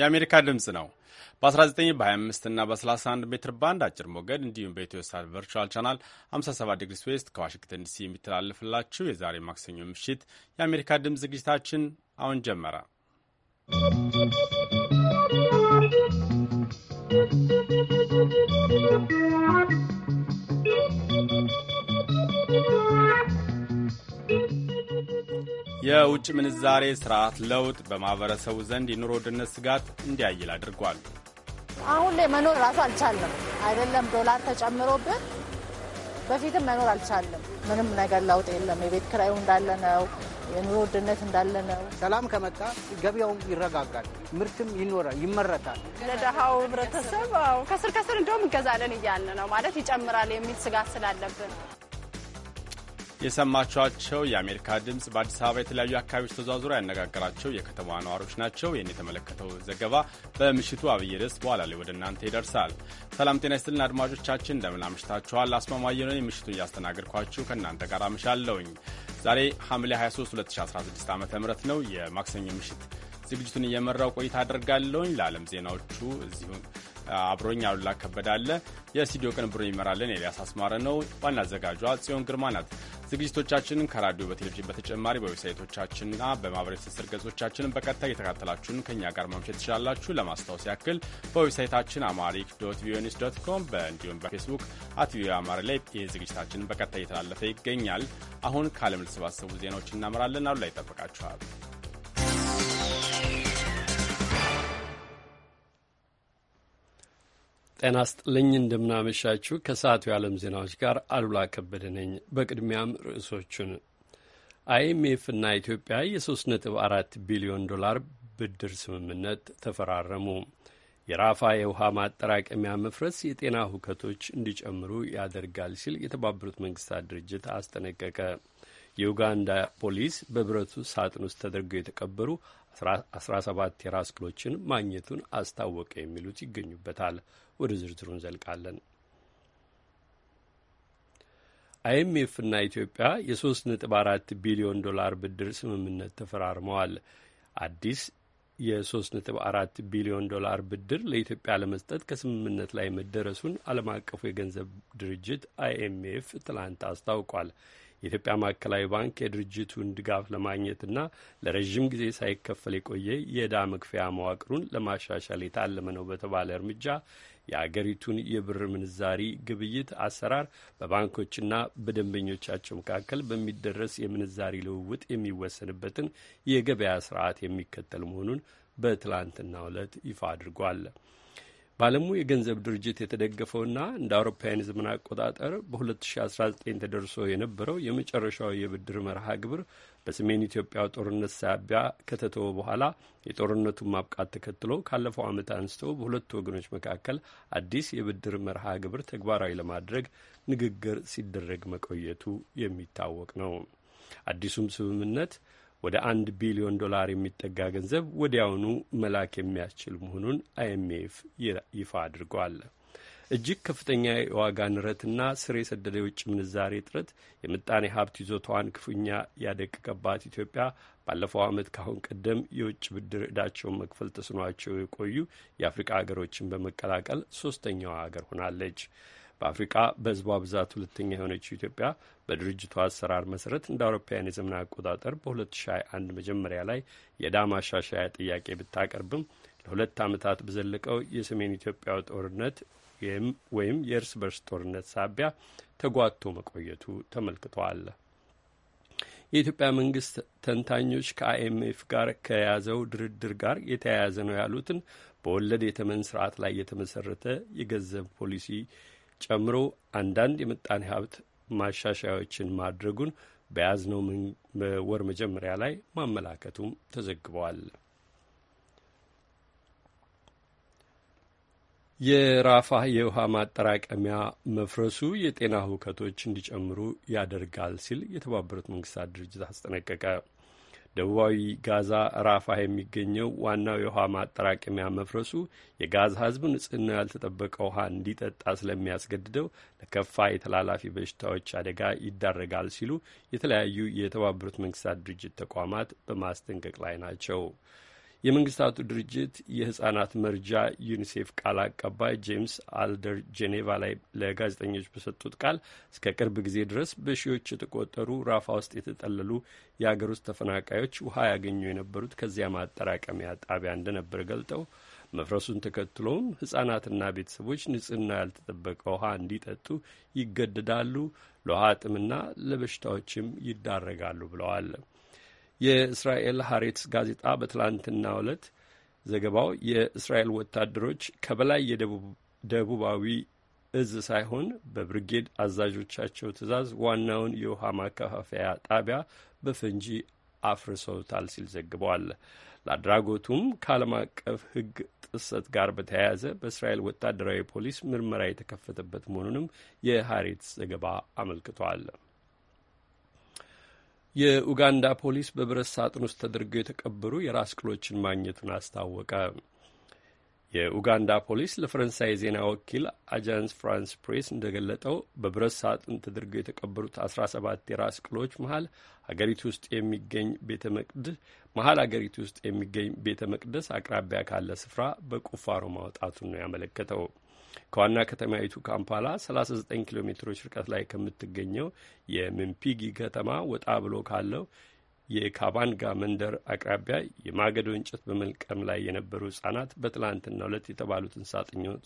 የአሜሪካ ድምፅ ነው። በ19 በ25 እና በ31 ሜትር ባንድ አጭር ሞገድ እንዲሁም በኢትዮ ሳት ቨርቹዋል ቻናል 57 ዲግሪ ስዌስት ከዋሽንግተን ዲሲ የሚተላለፍላችሁ የዛሬ ማክሰኞ ምሽት የአሜሪካ ድምፅ ዝግጅታችን አሁን ጀመረ። ¶¶ የውጭ ምንዛሬ ስርዓት ለውጥ በማህበረሰቡ ዘንድ የኑሮ ውድነት ስጋት እንዲያይል አድርጓል። አሁን ላይ መኖር ራሱ አልቻለም አይደለም፣ ዶላር ተጨምሮብን በፊትም መኖር አልቻለም። ምንም ነገር ለውጥ የለም። የቤት ክራዩ እንዳለ ነው። የኑሮ ውድነት እንዳለ ነው። ሰላም ከመጣ ገበያውም ይረጋጋል፣ ምርትም ይኖራል፣ ይመረታል። ለደሃው ህብረተሰብ ከስር ከስር እንደውም እንገዛለን እያለ ነው ማለት ይጨምራል የሚል ስጋት ስላለብን የሰማችኋቸው የአሜሪካ ድምፅ በአዲስ አበባ የተለያዩ አካባቢዎች ተዘዋውሮ ያነጋገራቸው የከተማ ነዋሪዎች ናቸው። ይህን የተመለከተው ዘገባ በምሽቱ አብይ ርዕስ በኋላ ላይ ወደ እናንተ ይደርሳል። ሰላም ጤና ይስጥልን አድማጮቻችን፣ እንደምን አምሽታችኋል? አስማማየ ነኝ። ምሽቱን እያስተናገድኳችሁ ከእናንተ ጋር አምሻለውኝ። ዛሬ ሐምሌ 23 2016 ዓ ም ነው የማክሰኞ ምሽት ዝግጅቱን እየመራው ቆይታ አድርጋለሁኝ። ለዓለም ዜናዎቹ እዚሁን አብሮኝ አሉላ ከበዳለ፣ የስቱዲዮ ቅንብሩን ይመራለን ኤልያስ አስማረ ነው። ዋና አዘጋጇ ጽዮን ግርማ ናት። ዝግጅቶቻችንን ከራዲዮ በቴሌቪዥን በተጨማሪ በዌብሳይቶቻችንና በማህበራዊ ትስስር ገጾቻችንን በቀጥታ እየተከታተላችሁን ከእኛ ጋር ማምሸት ትችላላችሁ። ለማስታወስ ያክል በዌብሳይታችን አማሪክ ዶት ቪኦኤ ዶት ኮም እንዲሁም በፌስቡክ አት ቪኦኤ አማሪ ላይ ይህ ዝግጅታችንን በቀጥታ እየተላለፈ ይገኛል። አሁን ከዓለም ለተሰባሰቡ ዜናዎች እናመራለን። አሉላ ይጠብቃችኋል። ጤና ስጥልኝ እንደምናመሻችሁ። ከሰዓቱ የዓለም ዜናዎች ጋር አሉላ ከበደ ነኝ። በቅድሚያም ርዕሶቹን አይኤምኤፍ እና ኢትዮጵያ የ34 አራት ቢሊዮን ዶላር ብድር ስምምነት ተፈራረሙ። የራፋ የውሃ ማጠራቀሚያ መፍረስ የጤና ሁከቶች እንዲጨምሩ ያደርጋል ሲል የተባበሩት መንግስታት ድርጅት አስጠነቀቀ። የኡጋንዳ ፖሊስ በብረቱ ሳጥን ውስጥ ተደርገው የተቀበሩ 17 የራስ ቅሎችን ማግኘቱን አስታወቀ። የሚሉት ይገኙበታል። ወደ ዝርዝሩ እንዘልቃለን። ና ኢትዮጵያ የሶስት ነጥብ አራት ቢሊዮን ዶላር ብድር ስምምነት ተፈራርመዋል። አዲስ የ3 ነጥብ አራት ቢሊዮን ዶላር ብድር ለኢትዮጵያ ለመስጠት ከስምምነት ላይ መደረሱን ዓለም አቀፉ የገንዘብ ድርጅት አይኤምኤፍ ትላንት አስታውቋል። የኢትዮጵያ ማዕከላዊ ባንክ የድርጅቱን ድጋፍ ለማግኘትና ለረዥም ጊዜ ሳይከፈል የቆየ የዕዳ መክፈያ መዋቅሩን ለማሻሻል የታለመ ነው በተባለ እርምጃ የአገሪቱን የብር ምንዛሪ ግብይት አሰራር በባንኮችና በደንበኞቻቸው መካከል በሚደረስ የምንዛሪ ልውውጥ የሚወሰንበትን የገበያ ስርዓት የሚከተል መሆኑን በትላንትናው ዕለት ይፋ አድርጓል። በዓለሙ የገንዘብ ድርጅት የተደገፈውና እንደ አውሮፓውያን ዘመን አቆጣጠር በ2019 ተደርሶ የነበረው የመጨረሻው የብድር መርሃ ግብር በሰሜን ኢትዮጵያ ጦርነት ሳቢያ ከተተወ በኋላ የጦርነቱን ማብቃት ተከትሎ ካለፈው ዓመት አንስቶ በሁለቱ ወገኖች መካከል አዲስ የብድር መርሃ ግብር ተግባራዊ ለማድረግ ንግግር ሲደረግ መቆየቱ የሚታወቅ ነው። አዲሱም ስምምነት ወደ አንድ ቢሊዮን ዶላር የሚጠጋ ገንዘብ ወዲያውኑ መላክ የሚያስችል መሆኑን አይኤምኤፍ ይፋ አድርጓል። እጅግ ከፍተኛ የዋጋ ንረትና ስር የሰደደ የውጭ ምንዛሬ እጥረት የምጣኔ ሀብት ይዞታዋን ክፉኛ ያደቀቀባት ኢትዮጵያ ባለፈው ዓመት ካሁን ቀደም የውጭ ብድር ዕዳቸውን መክፈል ተስኗቸው የቆዩ የአፍሪቃ ሀገሮችን በመቀላቀል ሶስተኛዋ ሀገር ሆናለች። በአፍሪቃ በህዝቧ ብዛት ሁለተኛ የሆነችው ኢትዮጵያ በድርጅቱ አሰራር መሰረት እንደ አውሮፓውያን የዘመን አቆጣጠር በ2021 መጀመሪያ ላይ የዕዳ ማሻሻያ ጥያቄ ብታቀርብም ለሁለት ዓመታት በዘለቀው የሰሜን ኢትዮጵያው ጦርነት ወይም የእርስ በርስ ጦርነት ሳቢያ ተጓቶ መቆየቱ ተመልክቷል። የኢትዮጵያ መንግስት ተንታኞች ከአይኤምኤፍ ጋር ከያዘው ድርድር ጋር የተያያዘ ነው ያሉትን በወለድ የተመን ስርዓት ላይ የተመሰረተ የገንዘብ ፖሊሲ ጨምሮ አንዳንድ የምጣኔ ሀብት ማሻሻያዎችን ማድረጉን በያዝነው ወር መጀመሪያ ላይ ማመላከቱም ተዘግበዋል። የራፋ የውሃ ማጠራቀሚያ መፍረሱ የጤና ሁከቶች እንዲጨምሩ ያደርጋል ሲል የተባበሩት መንግስታት ድርጅት አስጠነቀቀ። ደቡባዊ ጋዛ ራፋ የሚገኘው ዋናው የውሃ ማጠራቀሚያ መፍረሱ የጋዛ ሕዝብ ንጽህና ያልተጠበቀ ውሃ እንዲጠጣ ስለሚያስገድደው ለከፋ የተላላፊ በሽታዎች አደጋ ይዳረጋል ሲሉ የተለያዩ የተባበሩት መንግስታት ድርጅት ተቋማት በማስጠንቀቅ ላይ ናቸው። የመንግስታቱ ድርጅት የህጻናት መርጃ ዩኒሴፍ ቃል አቀባይ ጄምስ አልደር ጄኔቫ ላይ ለጋዜጠኞች በሰጡት ቃል እስከ ቅርብ ጊዜ ድረስ በሺዎች የተቆጠሩ ራፋ ውስጥ የተጠለሉ የአገር ውስጥ ተፈናቃዮች ውሃ ያገኙ የነበሩት ከዚያ ማጠራቀሚያ ጣቢያ እንደነበር ገልጠው መፍረሱን ተከትሎም ህጻናትና ቤተሰቦች ንጽህና ያልተጠበቀ ውሃ እንዲጠጡ ይገደዳሉ፣ ለውሃ ጥምና ለበሽታዎችም ይዳረጋሉ ብለዋል። የእስራኤል ሀሬትስ ጋዜጣ በትላንትናው ዕለት ዘገባው የእስራኤል ወታደሮች ከበላይ የደቡባዊ እዝ ሳይሆን በብርጌድ አዛዦቻቸው ትዕዛዝ ዋናውን የውሃ ማከፋፈያ ጣቢያ በፈንጂ አፍርሰውታል ሲል ዘግበዋል። ለአድራጎቱም ከዓለም አቀፍ ሕግ ጥሰት ጋር በተያያዘ በእስራኤል ወታደራዊ ፖሊስ ምርመራ የተከፈተበት መሆኑንም የሀሬትስ ዘገባ አመልክቷል። የኡጋንዳ ፖሊስ በብረት ሳጥን ውስጥ ተደርገው የተቀበሩ የራስ ቅሎችን ማግኘቱን አስታወቀ። የኡጋንዳ ፖሊስ ለፈረንሳይ ዜና ወኪል አጃንስ ፍራንስ ፕሬስ እንደገለጠው በብረት ሳጥን ተደርገው የተቀበሩት ሰባት የራስ ቅሎች መሀል ሀገሪቱ ውስጥ የሚገኝ ቤተ መቅደስ መሀል አገሪቱ ውስጥ የሚገኝ ቤተ መቅደስ አቅራቢያ ካለ ስፍራ በቁፋሮ ማውጣቱን ነው ያመለከተው። ከዋና ከተማይቱ ካምፓላ 39 ኪሎ ሜትሮች ርቀት ላይ ከምትገኘው የምንፒጊ ከተማ ወጣ ብሎ ካለው የካባንጋ መንደር አቅራቢያ የማገዶ እንጨት በመልቀም ላይ የነበሩ ህጻናት በትላንትና ዕለት የተባሉትን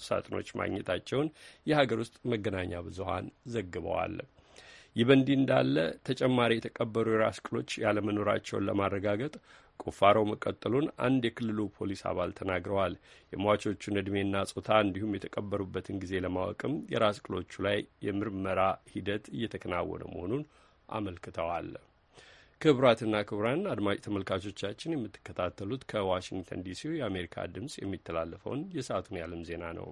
ሳጥኖች ማግኘታቸውን የሀገር ውስጥ መገናኛ ብዙሀን ዘግበዋል። ይህ በእንዲህ እንዳለ ተጨማሪ የተቀበሩ የራስ ቅሎች ያለመኖራቸውን ለማረጋገጥ ቁፋሮ መቀጠሉን አንድ የክልሉ ፖሊስ አባል ተናግረዋል። የሟቾቹን ዕድሜና ጾታ እንዲሁም የተቀበሩበትን ጊዜ ለማወቅም የራስ ቅሎቹ ላይ የምርመራ ሂደት እየተከናወነ መሆኑን አመልክተዋል። ክቡራትና ክቡራን አድማጭ ተመልካቾቻችን የምትከታተሉት ከዋሽንግተን ዲሲው የአሜሪካ ድምፅ የሚተላለፈውን የሰዓቱን የዓለም ዜና ነው።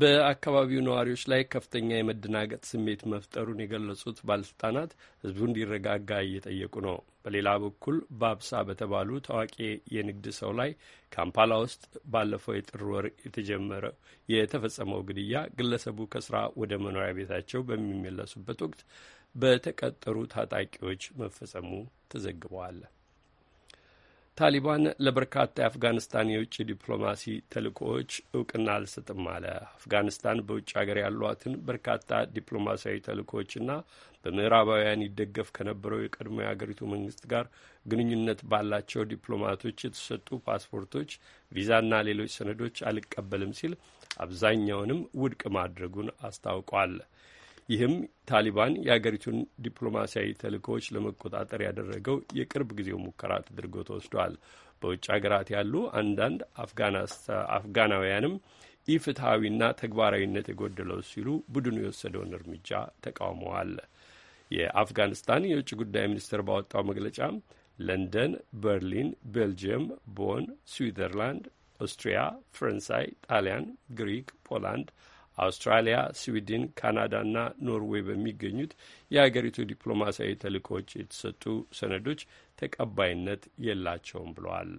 በአካባቢው ነዋሪዎች ላይ ከፍተኛ የመደናገጥ ስሜት መፍጠሩን የገለጹት ባለስልጣናት ህዝቡ እንዲረጋጋ እየጠየቁ ነው። በሌላ በኩል ባብሳ በተባሉ ታዋቂ የንግድ ሰው ላይ ካምፓላ ውስጥ ባለፈው የጥር ወር የተጀመረ የተፈጸመው ግድያ ግለሰቡ ከስራ ወደ መኖሪያ ቤታቸው በሚመለሱበት ወቅት በተቀጠሩ ታጣቂዎች መፈጸሙ ተዘግበዋል። ታሊባን ለበርካታ የአፍጋኒስታን የውጭ ዲፕሎማሲ ተልእኮዎች እውቅና አልሰጥም አለ። አፍጋኒስታን በውጭ ሀገር ያሏትን በርካታ ዲፕሎማሲያዊ ተልእኮዎችና በምዕራባውያን ይደገፍ ከነበረው የቀድሞ የአገሪቱ መንግስት ጋር ግንኙነት ባላቸው ዲፕሎማቶች የተሰጡ ፓስፖርቶች፣ ቪዛና ሌሎች ሰነዶች አልቀበልም ሲል አብዛኛውንም ውድቅ ማድረጉን አስታውቋል። ይህም ታሊባን የአገሪቱን ዲፕሎማሲያዊ ተልእኮዎች ለመቆጣጠር ያደረገው የቅርብ ጊዜው ሙከራ ተደርጎ ተወስዷል። በውጭ ሀገራት ያሉ አንዳንድ አፍጋናውያንም ኢፍትሐዊና ተግባራዊነት የጎደለው ሲሉ ቡድኑ የወሰደውን እርምጃ ተቃውመዋል። የአፍጋኒስታን የውጭ ጉዳይ ሚኒስትር ባወጣው መግለጫ ለንደን፣ በርሊን፣ ቤልጅየም፣ ቦን፣ ስዊዘርላንድ፣ ኦስትሪያ፣ ፈረንሳይ፣ ጣሊያን፣ ግሪክ፣ ፖላንድ አውስትራሊያ፣ ስዊድን፣ ካናዳና ኖርዌይ በሚገኙት የአገሪቱ ዲፕሎማሲያዊ ተልእኮዎች የተሰጡ ሰነዶች ተቀባይነት የላቸውም ብለዋል።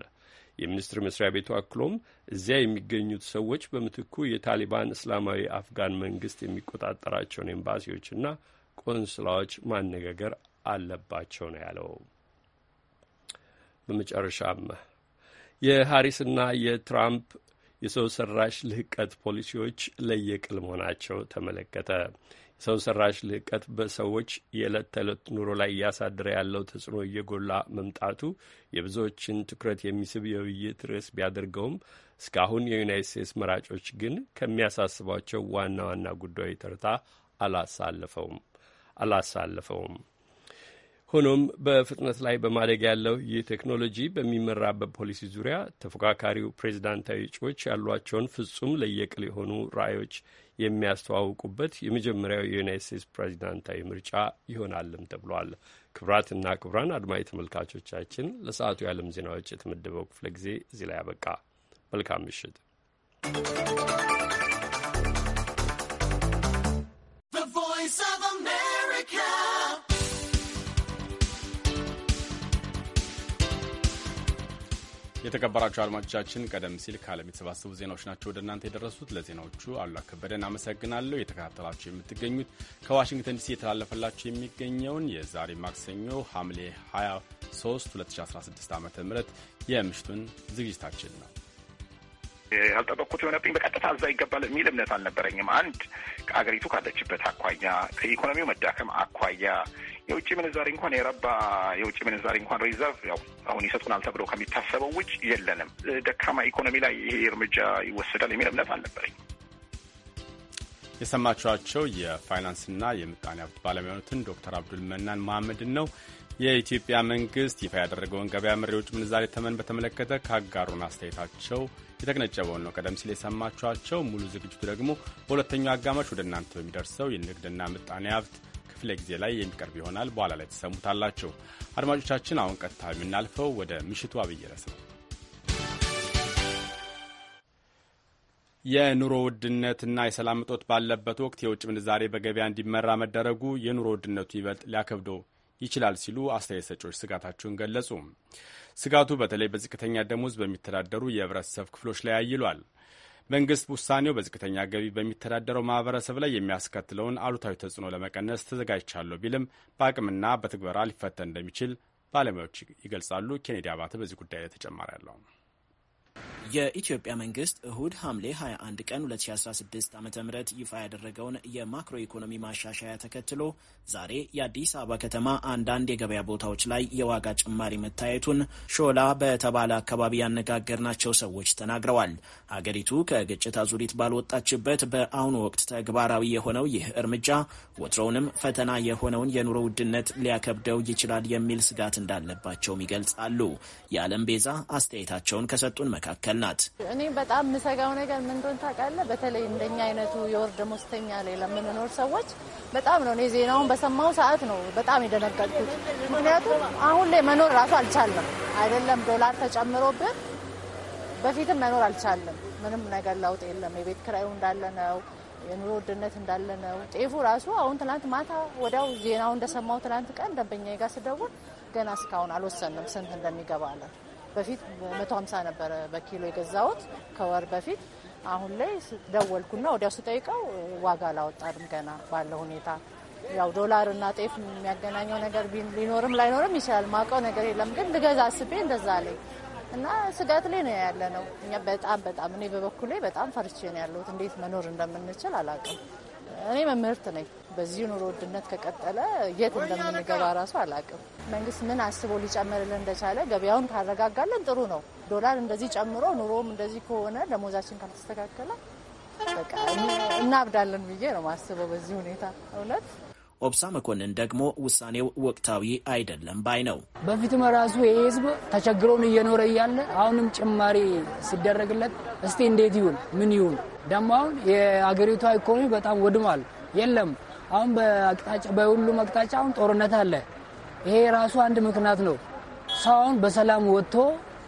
የሚኒስትር መስሪያ ቤቱ አክሎም እዚያ የሚገኙት ሰዎች በምትኩ የታሊባን እስላማዊ አፍጋን መንግስት የሚቆጣጠራቸውን ኤምባሲዎችና ቆንስላዎች ማነጋገር አለባቸው ነው ያለው። በመጨረሻም የሀሪስና የትራምፕ የሰው ሰራሽ ልህቀት ፖሊሲዎች ለየቅል መሆናቸው ተመለከተ። የሰው ሰራሽ ልህቀት በሰዎች የዕለት ተዕለት ኑሮ ላይ እያሳደረ ያለው ተጽዕኖ እየጎላ መምጣቱ የብዙዎችን ትኩረት የሚስብ የውይይት ርዕስ ቢያደርገውም እስካሁን የዩናይት ስቴትስ መራጮች ግን ከሚያሳስቧቸው ዋና ዋና ጉዳዮች ተርታ አላሳለፈውም አላሳለፈውም። ሆኖም በፍጥነት ላይ በማደግ ያለው ይህ ቴክኖሎጂ በሚመራበት ፖሊሲ ዙሪያ ተፎካካሪው ፕሬዚዳንታዊ እጩዎች ያሏቸውን ፍጹም ለየቅል የሆኑ ራዕዮች የሚያስተዋውቁበት የመጀመሪያው የዩናይት ስቴትስ ፕሬዚዳንታዊ ምርጫ ይሆናልም ተብሏል። ክብራትና ክብራን አድማጭ ተመልካቾቻችን ለሰዓቱ የዓለም ዜናዎች የተመደበው ክፍለ ጊዜ እዚህ ላይ አበቃ። መልካም ምሽት። የተከበራችሁ አድማጮቻችን ቀደም ሲል ከዓለም የተሰባሰቡ ዜናዎች ናቸው ወደ እናንተ የደረሱት። ለዜናዎቹ አሉ ከበደን አመሰግናለሁ። የተከታተላችሁ የምትገኙት ከዋሽንግተን ዲሲ የተላለፈላችሁ የሚገኘውን የዛሬ ማክሰኞ ሐምሌ 23 2016 ዓ ም የምሽቱን ዝግጅታችን ነው። ያልጠበቅኩት የሆነብኝ በቀጥታ እዛ ይገባል የሚል እምነት አልነበረኝም። አንድ ከአገሪቱ ካለችበት አኳያ፣ ከኢኮኖሚው መዳከም አኳያ የውጭ ምንዛሪ እንኳን የረባ የውጭ ምንዛሪ እንኳን ሪዘርቭ ያው አሁን ይሰጡናል ተብሎ ከሚታሰበው ውጭ የለንም። ደካማ ኢኮኖሚ ላይ ይሄ እርምጃ ይወሰዳል የሚል እምነት አልነበረኝ። የሰማችኋቸው የፋይናንስና የምጣኔ ሀብት ባለሙያኑትን ዶክተር አብዱል መናን መሐመድን ነው። የኢትዮጵያ መንግስት ይፋ ያደረገውን ገበያ መሪዎች ምንዛሬ ተመን በተመለከተ ከአጋሩን አስተያየታቸው የተቀነጨበውን ነው ቀደም ሲል የሰማችኋቸው። ሙሉ ዝግጅቱ ደግሞ በሁለተኛው አጋማሽ ወደ እናንተ በሚደርሰው የንግድና ምጣኔ ሀብት ክፍለ ጊዜ ላይ የሚቀርብ ይሆናል። በኋላ ላይ ተሰሙታላቸው። አድማጮቻችን፣ አሁን ቀጥታ የምናልፈው ወደ ምሽቱ አብይ ርዕስ ነው። የኑሮ ውድነትና የሰላም እጦት ባለበት ወቅት የውጭ ምንዛሬ በገበያ እንዲመራ መደረጉ የኑሮ ውድነቱ ይበልጥ ሊያከብዶ ይችላል ሲሉ አስተያየት ሰጪዎች ስጋታቸውን ገለጹ። ስጋቱ በተለይ በዝቅተኛ ደሞዝ በሚተዳደሩ የህብረተሰብ ክፍሎች ላይ አይሏል። መንግስት ውሳኔው በዝቅተኛ ገቢ በሚተዳደረው ማህበረሰብ ላይ የሚያስከትለውን አሉታዊ ተጽዕኖ ለመቀነስ ተዘጋጅቻለሁ ቢልም በአቅምና በትግበራ ሊፈተን እንደሚችል ባለሙያዎች ይገልጻሉ። ኬኔዲ አባተ በዚህ ጉዳይ ላይ ተጨማሪ ያለው የኢትዮጵያ መንግስት እሁድ ሐምሌ 21 ቀን 2016 ዓ ም ይፋ ያደረገውን የማክሮ ኢኮኖሚ ማሻሻያ ተከትሎ ዛሬ የአዲስ አበባ ከተማ አንዳንድ የገበያ ቦታዎች ላይ የዋጋ ጭማሪ መታየቱን ሾላ በተባለ አካባቢ ያነጋገርናቸው ሰዎች ተናግረዋል። ሀገሪቱ ከግጭት አዙሪት ባልወጣችበት በአሁኑ ወቅት ተግባራዊ የሆነው ይህ እርምጃ ወትሮውንም ፈተና የሆነውን የኑሮ ውድነት ሊያከብደው ይችላል የሚል ስጋት እንዳለባቸውም ይገልጻሉ። የዓለም ቤዛ አስተያየታቸውን ከሰጡን መካከል ናት። እኔ በጣም የምሰጋው ነገር ምን እንደሆነ ታውቃለህ? በተለይ እንደኛ አይነቱ የወር ደመወዝተኛ ላይ ለምንኖር ሰዎች በጣም ነው። እኔ ዜናውን በሰማው ሰዓት ነው በጣም የደነገጥኩት። ምክንያቱም አሁን ላይ መኖር ራሱ አልቻለም። አይደለም ዶላር ተጨምሮብን፣ በፊትም መኖር አልቻለም። ምንም ነገር ለውጥ የለም። የቤት ክራዩ እንዳለ ነው። የኑሮ ውድነት እንዳለ ነው። ጤፉ ራሱ አሁን ትናንት ማታ ወዲያው ዜናው እንደሰማው ትናንት ቀን ደንበኛ ጋር ስደውል ገና እስካሁን አልወሰንም ስንት እንደሚገባ አለ። በፊት 150 ነበረ በኪሎ የገዛሁት ከወር በፊት። አሁን ላይ ደወልኩና ወዲያው ስጠይቀው ዋጋ አላወጣንም ገና ባለ ሁኔታ ያው ዶላር እና ጤፍ የሚያገናኘው ነገር ሊኖርም ላይኖርም ይችላል። ማውቀው ነገር የለም ግን ልገዛ አስቤ እንደዛ ላይ እና ስጋት ላይ ነው ያለ ነው። እኛ በጣም በጣም እኔ በበኩሌ በጣም ፈርቼ ነው ያለሁት። እንዴት መኖር እንደምንችል አላውቅም። እኔ መምህርት ነኝ። በዚህ ኑሮ ውድነት ከቀጠለ የት እንደምንገባ ራሱ አላቅም። መንግስት ምን አስቦ ሊጨምርልን እንደቻለ ገበያውን ካረጋጋለን ጥሩ ነው። ዶላር እንደዚህ ጨምሮ ኑሮም እንደዚህ ከሆነ ደሞዛችን ካልተስተካከለ በቃ እናብዳለን ብዬ ነው ማስበው በዚህ ሁኔታ እውነት። ኦብሳ መኮንን ደግሞ ውሳኔው ወቅታዊ አይደለም ባይ ነው። በፊትም ራሱ የህዝብ ተቸግሮን እየኖረ እያለ አሁንም ጭማሪ ሲደረግለት እስቲ እንዴት ይሁን ምን ይሁን ደግሞ አሁን የአገሪቷ ኢኮኖሚ በጣም ወድሟል። የለም አሁን በአቅጣጫ በሁሉም አቅጣጫ አሁን ጦርነት አለ። ይሄ ራሱ አንድ ምክንያት ነው። ሰው አሁን በሰላም ወጥቶ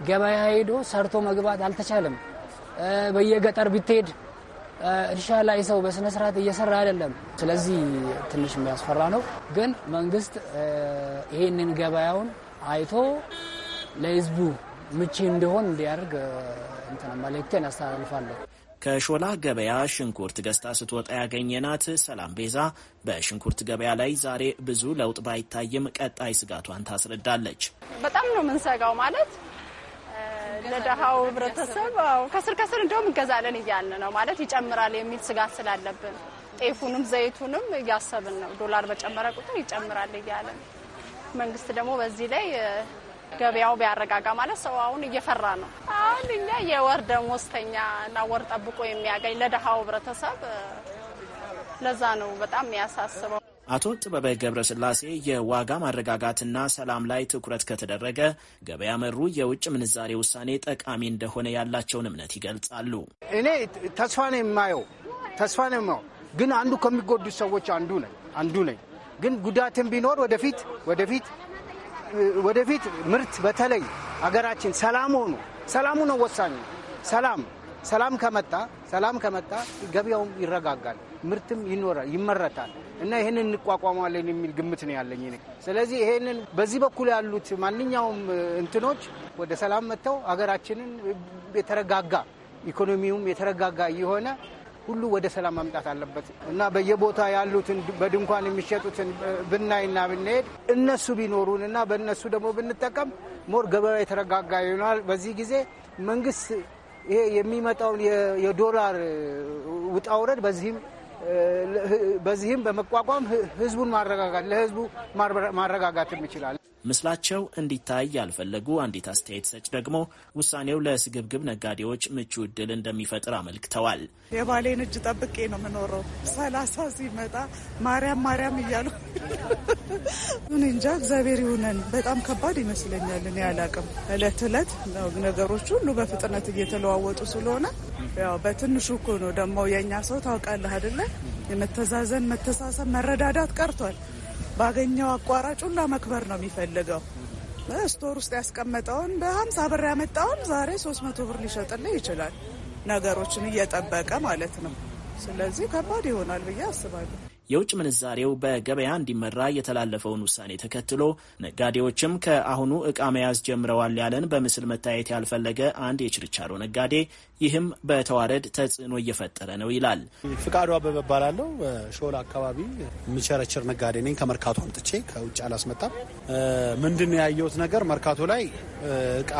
ገበያ ሄዶ ሰርቶ መግባት አልተቻለም። በየገጠር ብትሄድ እርሻ ላይ ሰው በስነ ስርዓት እየሰራ አይደለም። ስለዚህ ትንሽ የሚያስፈራ ነው። ግን መንግስት ይሄንን ገበያውን አይቶ ለህዝቡ ምቹ እንዲሆን እንዲያደርግ መልእክቴን አስተላልፋለሁ። ከሾላ ገበያ ሽንኩርት ገዝታ ስትወጣ ያገኘናት ሰላም ቤዛ በሽንኩርት ገበያ ላይ ዛሬ ብዙ ለውጥ ባይታይም ቀጣይ ስጋቷን ታስረዳለች። በጣም ነው የምንሰጋው ማለት ለደሃው ህብረተሰብ ከስር ከስር እንደውም እንገዛለን እያልን ነው ማለት ይጨምራል የሚል ስጋት ስላለብን ጤፉንም ዘይቱንም እያሰብን ነው። ዶላር በጨመረ ቁጥር ይጨምራል እያልን መንግስት ደግሞ በዚህ ላይ ገበያው ቢያረጋጋ ማለት ሰው አሁን እየፈራ ነው። አሁን እኛ የወር ደሞዝተኛ እና ወር ጠብቆ የሚያገኝ ለድሃው ህብረተሰብ ለዛ ነው በጣም የሚያሳስበው። አቶ ጥበበ ገብረስላሴ የዋጋ ማረጋጋትና ሰላም ላይ ትኩረት ከተደረገ ገበያ መሩ የውጭ ምንዛሬ ውሳኔ ጠቃሚ እንደሆነ ያላቸውን እምነት ይገልጻሉ። እኔ ተስፋ ነው የማየው ተስፋ ነው የማየው ግን አንዱ ከሚጎዱት ሰዎች አንዱ ነኝ አንዱ ነኝ ግን ጉዳትም ቢኖር ወደፊት ወደፊት ወደፊት ምርት በተለይ አገራችን ሰላም ሆኖ ሰላሙ ነው ወሳኙ። ሰላም ሰላም ከመጣ ሰላም ከመጣ ገበያውም ይረጋጋል፣ ምርትም ይኖራል፣ ይመረታል እና ይህንን እንቋቋማለን የሚል ግምት ነው ያለኝ። ስለዚህ ይህንን በዚህ በኩል ያሉት ማንኛውም እንትኖች ወደ ሰላም መጥተው አገራችንን የተረጋጋ ኢኮኖሚውም የተረጋጋ የሆነ ሁሉ ወደ ሰላም ማምጣት አለበት እና በየቦታ ያሉትን በድንኳን የሚሸጡትን ብናይና ብንሄድ እነሱ ቢኖሩን እና በእነሱ ደግሞ ብንጠቀም ሞር ገበያ የተረጋጋ ይሆናል። በዚህ ጊዜ መንግስት ይሄ የሚመጣውን የዶላር ውጣውረድ በዚህም በዚህም በመቋቋም ህዝቡን ማረጋጋት ለህዝቡ ማረጋጋትም ይችላል። ምስላቸው እንዲታይ ያልፈለጉ አንዲት አስተያየት ሰጭ ደግሞ ውሳኔው ለስግብግብ ነጋዴዎች ምቹ እድል እንደሚፈጥር አመልክተዋል። የባሌን እጅ ጠብቄ ነው የምኖረው። ሰላሳ ሲመጣ ማርያም ማርያም እያሉ ምን እንጃ እግዚአብሔር ይሁነን። በጣም ከባድ ይመስለኛል። እኔ አላቅም። እለት እለት ነገሮች ሁሉ በፍጥነት እየተለዋወጡ ስለሆነ ያው በትንሹ እኮ ነው ደግሞ የእኛ ሰው ታውቃለህ አይደለ? የመተዛዘን መተሳሰብ፣ መረዳዳት ቀርቷል። ባገኘው አቋራጭ ሁላ መክበር ነው የሚፈልገው። ስቶር ውስጥ ያስቀመጠውን በሀምሳ ብር ያመጣውን ዛሬ ሶስት መቶ ብር ሊሸጥልህ ይችላል። ነገሮችን እየጠበቀ ማለት ነው። ስለዚህ ከባድ ይሆናል ብዬ አስባለሁ። የውጭ ምንዛሬው በገበያ እንዲመራ የተላለፈውን ውሳኔ ተከትሎ ነጋዴዎችም ከአሁኑ እቃ መያዝ ጀምረዋል ያለን በምስል መታየት ያልፈለገ አንድ የችርቻሮ ነጋዴ ይህም በተዋረድ ተጽዕኖ እየፈጠረ ነው ይላል። ፍቃዱ አበበ እባላለሁ። ሾላ አካባቢ የሚቸረችር ነጋዴ ነኝ። ከመርካቶ አምጥቼ ከውጭ አላስመጣም። ምንድን ያየውት ያየሁት ነገር መርካቶ ላይ እቃ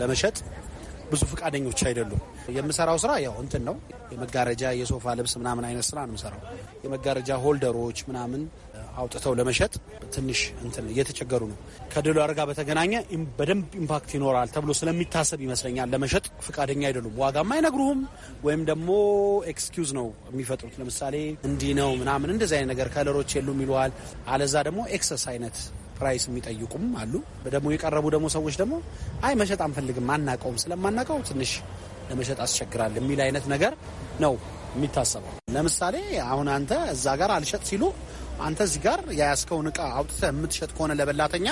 ለመሸጥ ብዙ ፈቃደኞች አይደሉም። የምሰራው ስራ ያው እንትን ነው የመጋረጃ የሶፋ ልብስ ምናምን አይነት ስራ ነው የምሰራው። የመጋረጃ ሆልደሮች ምናምን አውጥተው ለመሸጥ ትንሽ እንትን እየተቸገሩ ነው። ከዶላር ጋር በተገናኘ በደንብ ኢምፓክት ይኖራል ተብሎ ስለሚታሰብ ይመስለኛል ለመሸጥ ፈቃደኛ አይደሉም። ዋጋም አይነግሩህም ወይም ደግሞ ኤክስኪውዝ ነው የሚፈጥሩት። ለምሳሌ እንዲህ ነው ምናምን እንደዚህ አይነት ነገር ከለሮች የሉም ይለዋል። አለዛ ደግሞ ኤክሰስ አይነት ፕራይስ የሚጠይቁም አሉ። ደግሞ የቀረቡ ደግሞ ሰዎች ደግሞ አይ መሸጥ አንፈልግም አናቀውም፣ ስለማናቀው ትንሽ ለመሸጥ አስቸግራል የሚል አይነት ነገር ነው የሚታሰበው። ለምሳሌ አሁን አንተ እዛ ጋር አልሸጥ ሲሉ አንተ እዚህ ጋር የያዝከውን እቃ አውጥተ የምትሸጥ ከሆነ ለበላተኛ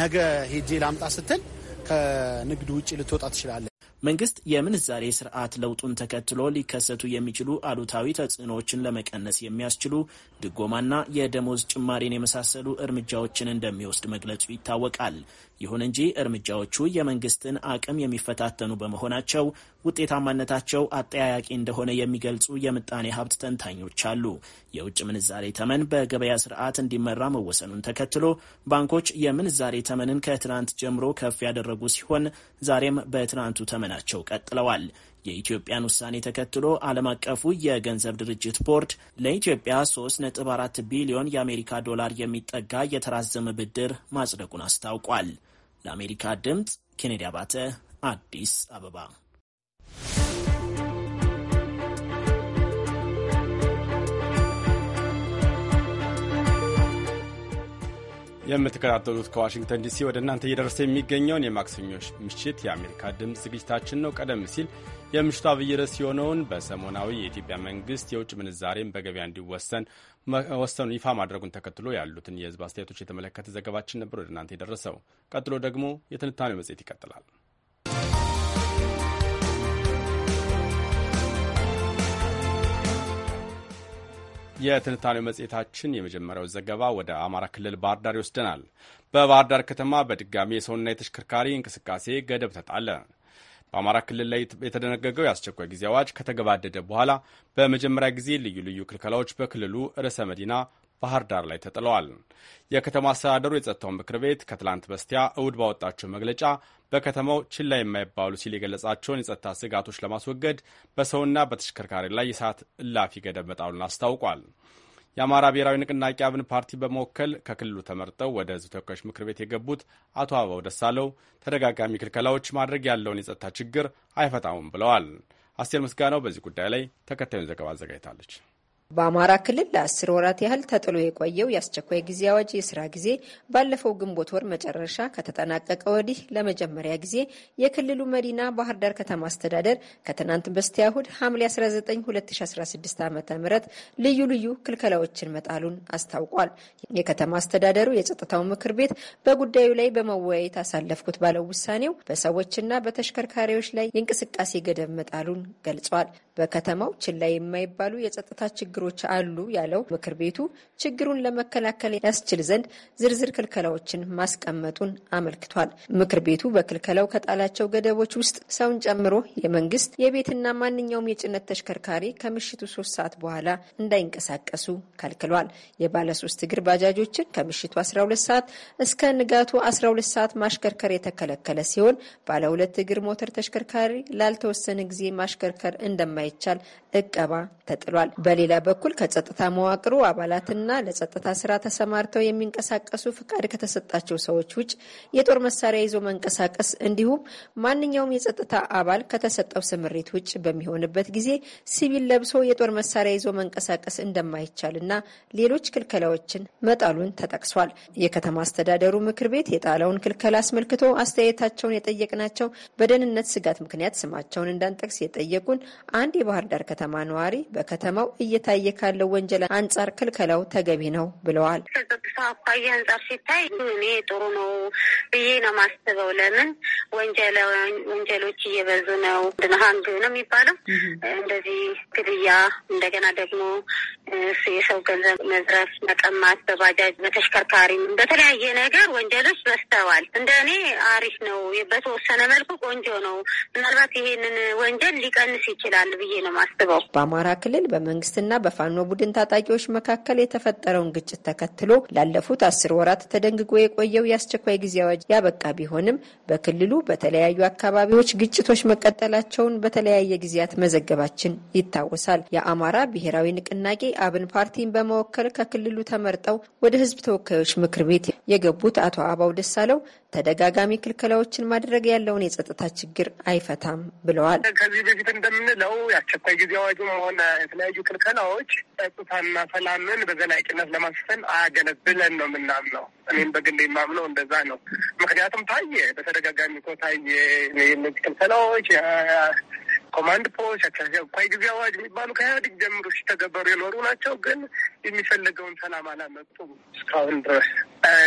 ነገ ሄጄ ላምጣ ስትል ከንግድ ውጭ ልትወጣ ትችላለ መንግስት የምንዛሬ ስርዓት ለውጡን ተከትሎ ሊከሰቱ የሚችሉ አሉታዊ ተጽዕኖዎችን ለመቀነስ የሚያስችሉ ድጎማና የደሞዝ ጭማሪን የመሳሰሉ እርምጃዎችን እንደሚወስድ መግለጹ ይታወቃል። ይሁን እንጂ እርምጃዎቹ የመንግስትን አቅም የሚፈታተኑ በመሆናቸው ውጤታማነታቸው አጠያያቂ እንደሆነ የሚገልጹ የምጣኔ ሀብት ተንታኞች አሉ። የውጭ ምንዛሬ ተመን በገበያ ስርዓት እንዲመራ መወሰኑን ተከትሎ ባንኮች የምንዛሬ ተመንን ከትናንት ጀምሮ ከፍ ያደረጉ ሲሆን ዛሬም በትናንቱ ተመናቸው ቀጥለዋል። የኢትዮጵያን ውሳኔ ተከትሎ ዓለም አቀፉ የገንዘብ ድርጅት ቦርድ ለኢትዮጵያ 3.4 ቢሊዮን የአሜሪካ ዶላር የሚጠጋ የተራዘመ ብድር ማጽደቁን አስታውቋል። ለአሜሪካ ድምፅ ኬኔዲ አባተ አዲስ አበባ የምትከታተሉት ከዋሽንግተን ዲሲ ወደ እናንተ እየደረሰ የሚገኘውን የማክሰኞች ምሽት የአሜሪካ ድምፅ ዝግጅታችን ነው። ቀደም ሲል የምሽቱ አብይ ርዕስ የሆነውን በሰሞናዊ የኢትዮጵያ መንግስት የውጭ ምንዛሬን በገበያ እንዲወሰን ወሰኑን ይፋ ማድረጉን ተከትሎ ያሉትን የህዝብ አስተያየቶች የተመለከተ ዘገባችን ነበር ወደ እናንተ የደረሰው። ቀጥሎ ደግሞ የትንታኔው መጽሔት ይቀጥላል። የትንታኔው መጽሔታችን የመጀመሪያው ዘገባ ወደ አማራ ክልል ባህር ዳር ይወስደናል። በባህር ዳር ከተማ በድጋሚ የሰውና የተሽከርካሪ እንቅስቃሴ ገደብ ተጣለ። በአማራ ክልል ላይ የተደነገገው የአስቸኳይ ጊዜ አዋጅ ከተገባደደ በኋላ በመጀመሪያ ጊዜ ልዩ ልዩ ክልከላዎች በክልሉ ርዕሰ መዲና ባህር ዳር ላይ ተጥለዋል። የከተማ አስተዳደሩ የጸጥታው ምክር ቤት ከትላንት በስቲያ እሁድ ባወጣቸው መግለጫ በከተማው ችላ የማይባሉ ሲል የገለጻቸውን የጸጥታ ስጋቶች ለማስወገድ በሰውና በተሽከርካሪ ላይ የሰዓት እላፊ ገደብ መጣሉን አስታውቋል። የአማራ ብሔራዊ ንቅናቄ አብን ፓርቲ በመወከል ከክልሉ ተመርጠው ወደ ህዝብ ተወካዮች ምክር ቤት የገቡት አቶ አበባው ደሳለው ተደጋጋሚ ክልከላዎች ማድረግ ያለውን የጸጥታ ችግር አይፈታሙም ብለዋል። አስቴር ምስጋናው በዚህ ጉዳይ ላይ ተከታዩን ዘገባ አዘጋጅታለች። በአማራ ክልል ለአስር ወራት ያህል ተጥሎ የቆየው የአስቸኳይ ጊዜ አዋጅ የስራ ጊዜ ባለፈው ግንቦት ወር መጨረሻ ከተጠናቀቀ ወዲህ ለመጀመሪያ ጊዜ የክልሉ መዲና ባህር ዳር ከተማ አስተዳደር ከትናንት በስቲያ እሁድ ሐምሌ 19 2016 ዓ ም ልዩ ልዩ ክልከላዎችን መጣሉን አስታውቋል። የከተማ አስተዳደሩ የጸጥታው ምክር ቤት በጉዳዩ ላይ በመወያየት አሳለፍኩት ባለው ውሳኔው በሰዎችና በተሽከርካሪዎች ላይ የእንቅስቃሴ ገደብ መጣሉን ገልጿል። በከተማው ችላ የማይባሉ የጸጥታ ችግሮች አሉ ያለው ምክር ቤቱ ችግሩን ለመከላከል ያስችል ዘንድ ዝርዝር ክልከላዎችን ማስቀመጡን አመልክቷል። ምክር ቤቱ በክልከላው ከጣላቸው ገደቦች ውስጥ ሰውን ጨምሮ የመንግስት የቤትና ማንኛውም የጭነት ተሽከርካሪ ከምሽቱ ሶስት ሰዓት በኋላ እንዳይንቀሳቀሱ ከልክሏል። የባለሶስት እግር ባጃጆችን ከምሽቱ 12 ሰዓት እስከ ንጋቱ 12 ሰዓት ማሽከርከር የተከለከለ ሲሆን ባለ ሁለት እግር ሞተር ተሽከርካሪ ላልተወሰነ ጊዜ ማሽከርከር እንደማ ስለማይቻል እቀባ ተጥሏል። በሌላ በኩል ከጸጥታ መዋቅሩ አባላትና ለጸጥታ ስራ ተሰማርተው የሚንቀሳቀሱ ፍቃድ ከተሰጣቸው ሰዎች ውጭ የጦር መሳሪያ ይዞ መንቀሳቀስ እንዲሁም ማንኛውም የጸጥታ አባል ከተሰጠው ስምሪት ውጭ በሚሆንበት ጊዜ ሲቪል ለብሶ የጦር መሳሪያ ይዞ መንቀሳቀስ እንደማይቻልና ሌሎች ክልከላዎችን መጣሉን ተጠቅሷል። የከተማ አስተዳደሩ ምክር ቤት የጣለውን ክልከላ አስመልክቶ አስተያየታቸውን የጠየቅናቸው በደህንነት ስጋት ምክንያት ስማቸውን እንዳንጠቅስ የጠየቁን አንድ የባህር ዳር ከተማ ከተማ ነዋሪ በከተማው እየታየ ካለው ወንጀል አንጻር ክልከላው ተገቢ ነው ብለዋል። ከጸጥታ አኳያ አንጻር ሲታይ እኔ ጥሩ ነው ብዬ ነው ማስበው። ለምን ወንጀሎች እየበዙ ነው። ሀንግ ነው የሚባለው እንደዚህ ግድያ፣ እንደገና ደግሞ የሰው ገንዘብ መዝረፍ፣ መቀማት፣ በባጃጅ በተሽከርካሪ በተለያየ ነገር ወንጀሎች በዝተዋል። እንደ እኔ አሪፍ ነው፣ በተወሰነ መልኩ ቆንጆ ነው። ምናልባት ይሄንን ወንጀል ሊቀንስ ይችላል ብዬ ነው ማስበው። ነው። በአማራ ክልል በመንግስትና በፋኖ ቡድን ታጣቂዎች መካከል የተፈጠረውን ግጭት ተከትሎ ላለፉት አስር ወራት ተደንግጎ የቆየው የአስቸኳይ ጊዜ አዋጅ ያበቃ ቢሆንም በክልሉ በተለያዩ አካባቢዎች ግጭቶች መቀጠላቸውን በተለያየ ጊዜያት መዘገባችን ይታወሳል። የአማራ ብሔራዊ ንቅናቄ አብን ፓርቲን በመወከል ከክልሉ ተመርጠው ወደ ህዝብ ተወካዮች ምክር ቤት የገቡት አቶ አባው ደሳለው ተደጋጋሚ ክልከላዎችን ማድረግ ያለውን የጸጥታ ችግር አይፈታም ብለዋል። ከዚህ በፊት እንደምንለው የአስቸኳይ ጊዜ አዋጁም ሆነ የተለያዩ ክልከላዎች ጸጥታና ሰላምን በዘላቂነት ለማስፈን አያገለብለን ነው የምናምነው። እኔም በግል የማምነው እንደዛ ነው። ምክንያቱም ታየ፣ በተደጋጋሚ እኮ ታየ የነዚህ ክልከላዎች ኮማንድ ፖስት አቻ ጊዜ አዋጅ የሚባሉ ከኢህአዴግ ጀምሮ ሲተገበሩ የኖሩ ናቸው። ግን የሚፈለገውን ሰላም አላመጡም እስካሁን ድረስ።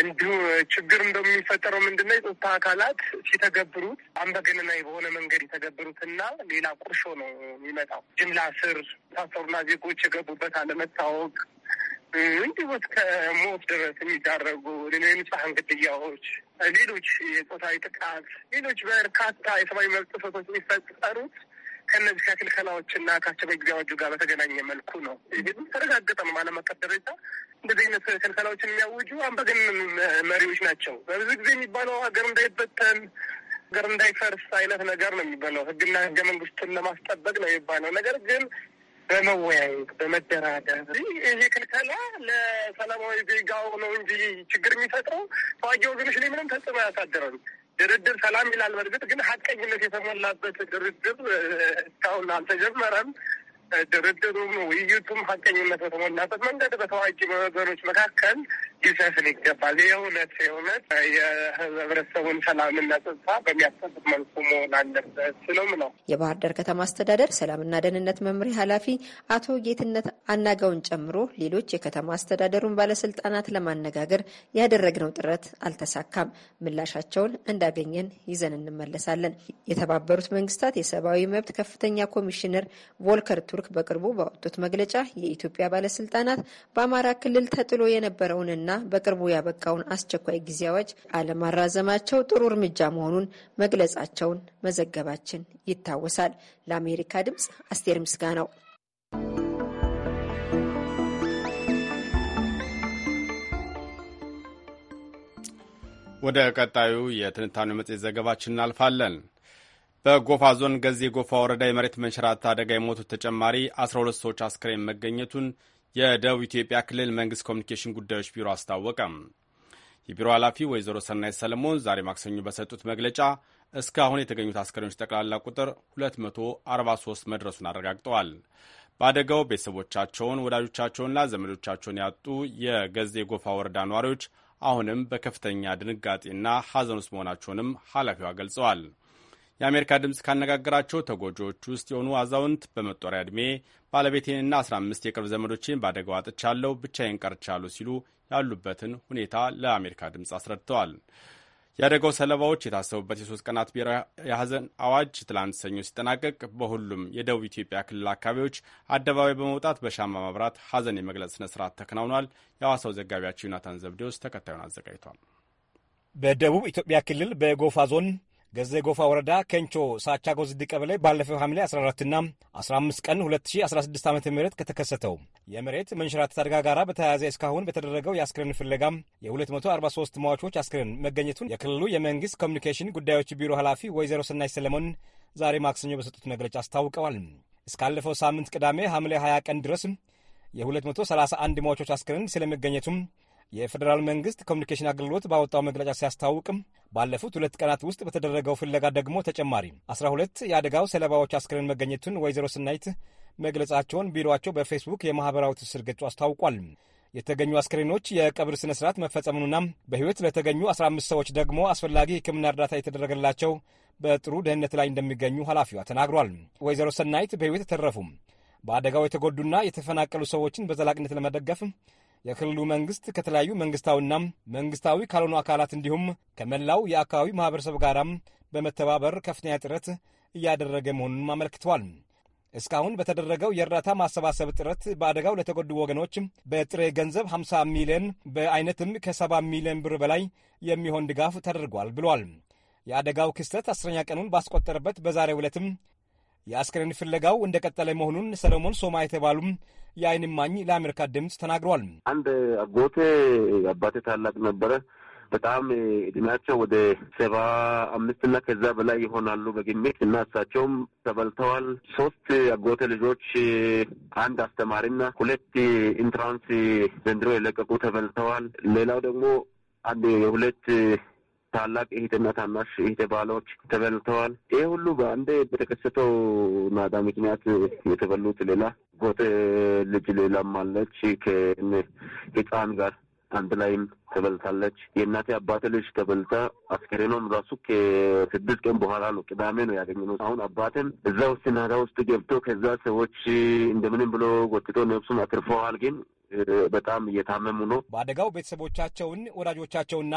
እንዲሁ ችግር እንደሚፈጠረው ምንድነው የጸጥታ አካላት ሲተገብሩት አምባገነናዊ በሆነ መንገድ የተገብሩትና ሌላ ቁርሾ ነው የሚመጣው። ጅምላ ስር ታሰሩና ዜጎች የገቡበት አለመታወቅ እንዲሁ እስከ ሞት ድረስ የሚዳረጉ የንጹሐን ግድያዎች፣ ሌሎች የጾታዊ ጥቃት፣ ሌሎች በርካታ የሰብአዊ መብት ጥሰቶች የሚፈጠሩት ከእነዚህ ከክልከላዎች እና ከአስቸኳይ ጊዜ አዋጁ ጋር በተገናኘ መልኩ ነው። ይህም ተረጋገጠ ነው። ዓለም አቀፍ ደረጃ እንደዚህ አይነት ክልከላዎችን የሚያውጁ አምባገነን መሪዎች ናቸው። በብዙ ጊዜ የሚባለው ሀገር እንዳይበተን ሀገር እንዳይፈርስ አይነት ነገር ነው የሚባለው። ህግና ህገ መንግስቱን ለማስጠበቅ ነው የሚባለው ነገር ግን በመወያየት በመደራደር ይሄ ክልከላ ለሰላማዊ ዜጋው ነው እንጂ ችግር የሚፈጥረው ተዋጊ ወገኖች ላይ ምንም ተጽዕኖ አያሳድርም። ድርድር ሰላም ይላል። በእርግጥ ግን ሀቀኝነት የተሞላበት ድርድር እስካሁን አልተጀመረም። ድርድሩም ውይይቱም ሀቀኝነት በተሞላበት መንገድ በተዋጊ ወገኖች መካከል ሊሰፍን ይገባል። የእውነት የእውነት የህብረተሰቡን ሰላምና ጸጥታ በሚያስጠብቅ መልኩ መሆን አለበት ስለም ነው። የባህር ዳር ከተማ አስተዳደር ሰላምና ደህንነት መምሪያ ኃላፊ አቶ ጌትነት አናጋውን ጨምሮ ሌሎች የከተማ አስተዳደሩን ባለስልጣናት ለማነጋገር ያደረግነው ጥረት አልተሳካም። ምላሻቸውን እንዳገኘን ይዘን እንመለሳለን። የተባበሩት መንግስታት የሰብአዊ መብት ከፍተኛ ኮሚሽነር ቮልከር ቱርክ በቅርቡ ባወጡት መግለጫ የኢትዮጵያ ባለስልጣናት በአማራ ክልል ተጥሎ የነበረውንና በቅርቡ ያበቃውን አስቸኳይ ጊዜ አዋጅ አለማራዘማቸው ጥሩ እርምጃ መሆኑን መግለጻቸውን መዘገባችን ይታወሳል። ለአሜሪካ ድምጽ አስቴር ምስጋናው። ወደ ቀጣዩ የትንታኔ መጽሔት ዘገባችን እናልፋለን። በጎፋ ዞን ገዜ ጎፋ ወረዳ የመሬት መንሸራተት አደጋ የሞቱት ተጨማሪ 12 ሰዎች አስክሬን መገኘቱን የደቡብ ኢትዮጵያ ክልል መንግስት ኮሚኒኬሽን ጉዳዮች ቢሮ አስታወቀ። የቢሮ ኃላፊ ወይዘሮ ሰናይት ሰለሞን ዛሬ ማክሰኞ በሰጡት መግለጫ እስካሁን የተገኙት አስከሬኖች ጠቅላላ ቁጥር 243 መድረሱን አረጋግጠዋል። በአደጋው ቤተሰቦቻቸውን፣ ወዳጆቻቸውንና ዘመዶቻቸውን ያጡ የገዜ ጎፋ ወረዳ ነዋሪዎች አሁንም በከፍተኛ ድንጋጤና ሐዘን ውስጥ መሆናቸውንም ኃላፊዋ ገልጸዋል። የአሜሪካ ድምፅ ካነጋገራቸው ተጎጂዎች ውስጥ የሆኑ አዛውንት በመጦሪያ ዕድሜ ባለቤቴንና 15 የቅርብ ዘመዶችን በአደጋው አጥቻለሁ፣ ብቻዬን ቀርቻለሁ ሲሉ ያሉበትን ሁኔታ ለአሜሪካ ድምፅ አስረድተዋል። የአደጋው ሰለባዎች የታሰቡበት የሶስት ቀናት ብሔራዊ የሐዘን አዋጅ ትላንት ሰኞ ሲጠናቀቅ በሁሉም የደቡብ ኢትዮጵያ ክልል አካባቢዎች አደባባይ በመውጣት በሻማ ማብራት ሐዘን የመግለጽ ስነ ስርዓት ተከናውኗል። የሐዋሳው ዘጋቢያቸው ዮናታን ዘብዴዎስ ተከታዩን አዘጋጅቷል። በደቡብ ኢትዮጵያ ክልል በጎፋ ዞን ገዜ ጎፋ ወረዳ ኬንቾ ሳቻ ጎዝዲ ቀበሌ ባለፈው ሐምሌ 14ና 15 ቀን 2016 ዓ ም ከተከሰተው የመሬት መንሸራተት አደጋ ጋር በተያያዘ እስካሁን በተደረገው የአስክሬን ፍለጋ የ243 ሟቾች አስክሬን መገኘቱን የክልሉ የመንግሥት ኮሚኒኬሽን ጉዳዮች ቢሮ ኃላፊ ወይዘሮ ስናይ ሰለሞን ዛሬ ማክሰኞ በሰጡት መግለጫ አስታውቀዋል። እስካለፈው ሳምንት ቅዳሜ ሐምሌ 20 ቀን ድረስ የ231 ሟቾች አስክሬን ስለመገኘቱም የፌዴራል መንግስት ኮሚኒኬሽን አገልግሎት ባወጣው መግለጫ ሲያስታውቅም ባለፉት ሁለት ቀናት ውስጥ በተደረገው ፍለጋ ደግሞ ተጨማሪ 12 የአደጋው ሰለባዎች አስክሬን መገኘቱን ወይዘሮ ስናይት መግለጻቸውን ቢሮቸው በፌስቡክ የማኅበራዊ ትስስር ገጹ አስታውቋል። የተገኙ አስክሬኖች የቀብር ስነ ስርዓት መፈጸሙንና በሕይወት ለተገኙ 15 ሰዎች ደግሞ አስፈላጊ ሕክምና እርዳታ የተደረገላቸው በጥሩ ደህንነት ላይ እንደሚገኙ ኃላፊዋ ተናግሯል። ወይዘሮ ሰናይት በሕይወት ተረፉም በአደጋው የተጎዱና የተፈናቀሉ ሰዎችን በዘላቂነት ለመደገፍ የክልሉ መንግስት ከተለያዩ መንግስታዊና መንግስታዊ ካልሆኑ አካላት እንዲሁም ከመላው የአካባቢ ማህበረሰብ ጋራም በመተባበር ከፍተኛ ጥረት እያደረገ መሆኑንም አመልክተዋል። እስካሁን በተደረገው የእርዳታ ማሰባሰብ ጥረት በአደጋው ለተጎዱ ወገኖች በጥሬ ገንዘብ 50 ሚሊዮን በአይነትም ከ70 ሚሊዮን ብር በላይ የሚሆን ድጋፍ ተደርጓል ብሏል። የአደጋው ክስተት አስረኛ ቀኑን ባስቆጠረበት በዛሬው ዕለትም የአስክሬን ፍለጋው እንደቀጠለ መሆኑን ሰለሞን ሶማ የተባሉም የአይን ማኝ ለአሜሪካ ድምፅ ተናግረዋል። አንድ አጎቴ አባቴ ታላቅ ነበረ። በጣም እድሜያቸው ወደ ሰባ አምስትና ከዛ በላይ ይሆናሉ በግምት እና እሳቸውም ተበልተዋል። ሶስት አጎቴ ልጆች አንድ አስተማሪና ሁለት ኢንትራንስ ዘንድሮ የለቀቁ ተበልተዋል። ሌላው ደግሞ አንድ የሁለት ታላቅ እህትና ታናሽ እህት ባሎች ተበልተዋል። ይህ ሁሉ በአንዴ በተከሰተው ናዳ ምክንያት የተበሉት ሌላ ጎጥ ልጅ ሌላም አለች ከህፃን ጋር አንድ ላይም ተበልታለች። የእናቴ አባት ልጅ ተበልታ አስከሬኖም ራሱ ከስድስት ቀን በኋላ ነው ቅዳሜ ነው ነው። አሁን አባቴም እዛ ውስጥ ናዳ ውስጥ ገብቶ ከዛ ሰዎች እንደምንም ብሎ ጎትቶ ነብሱን አትርፈዋል። ግን በጣም እየታመሙ ነው። በአደጋው ቤተሰቦቻቸውን ወዳጆቻቸውና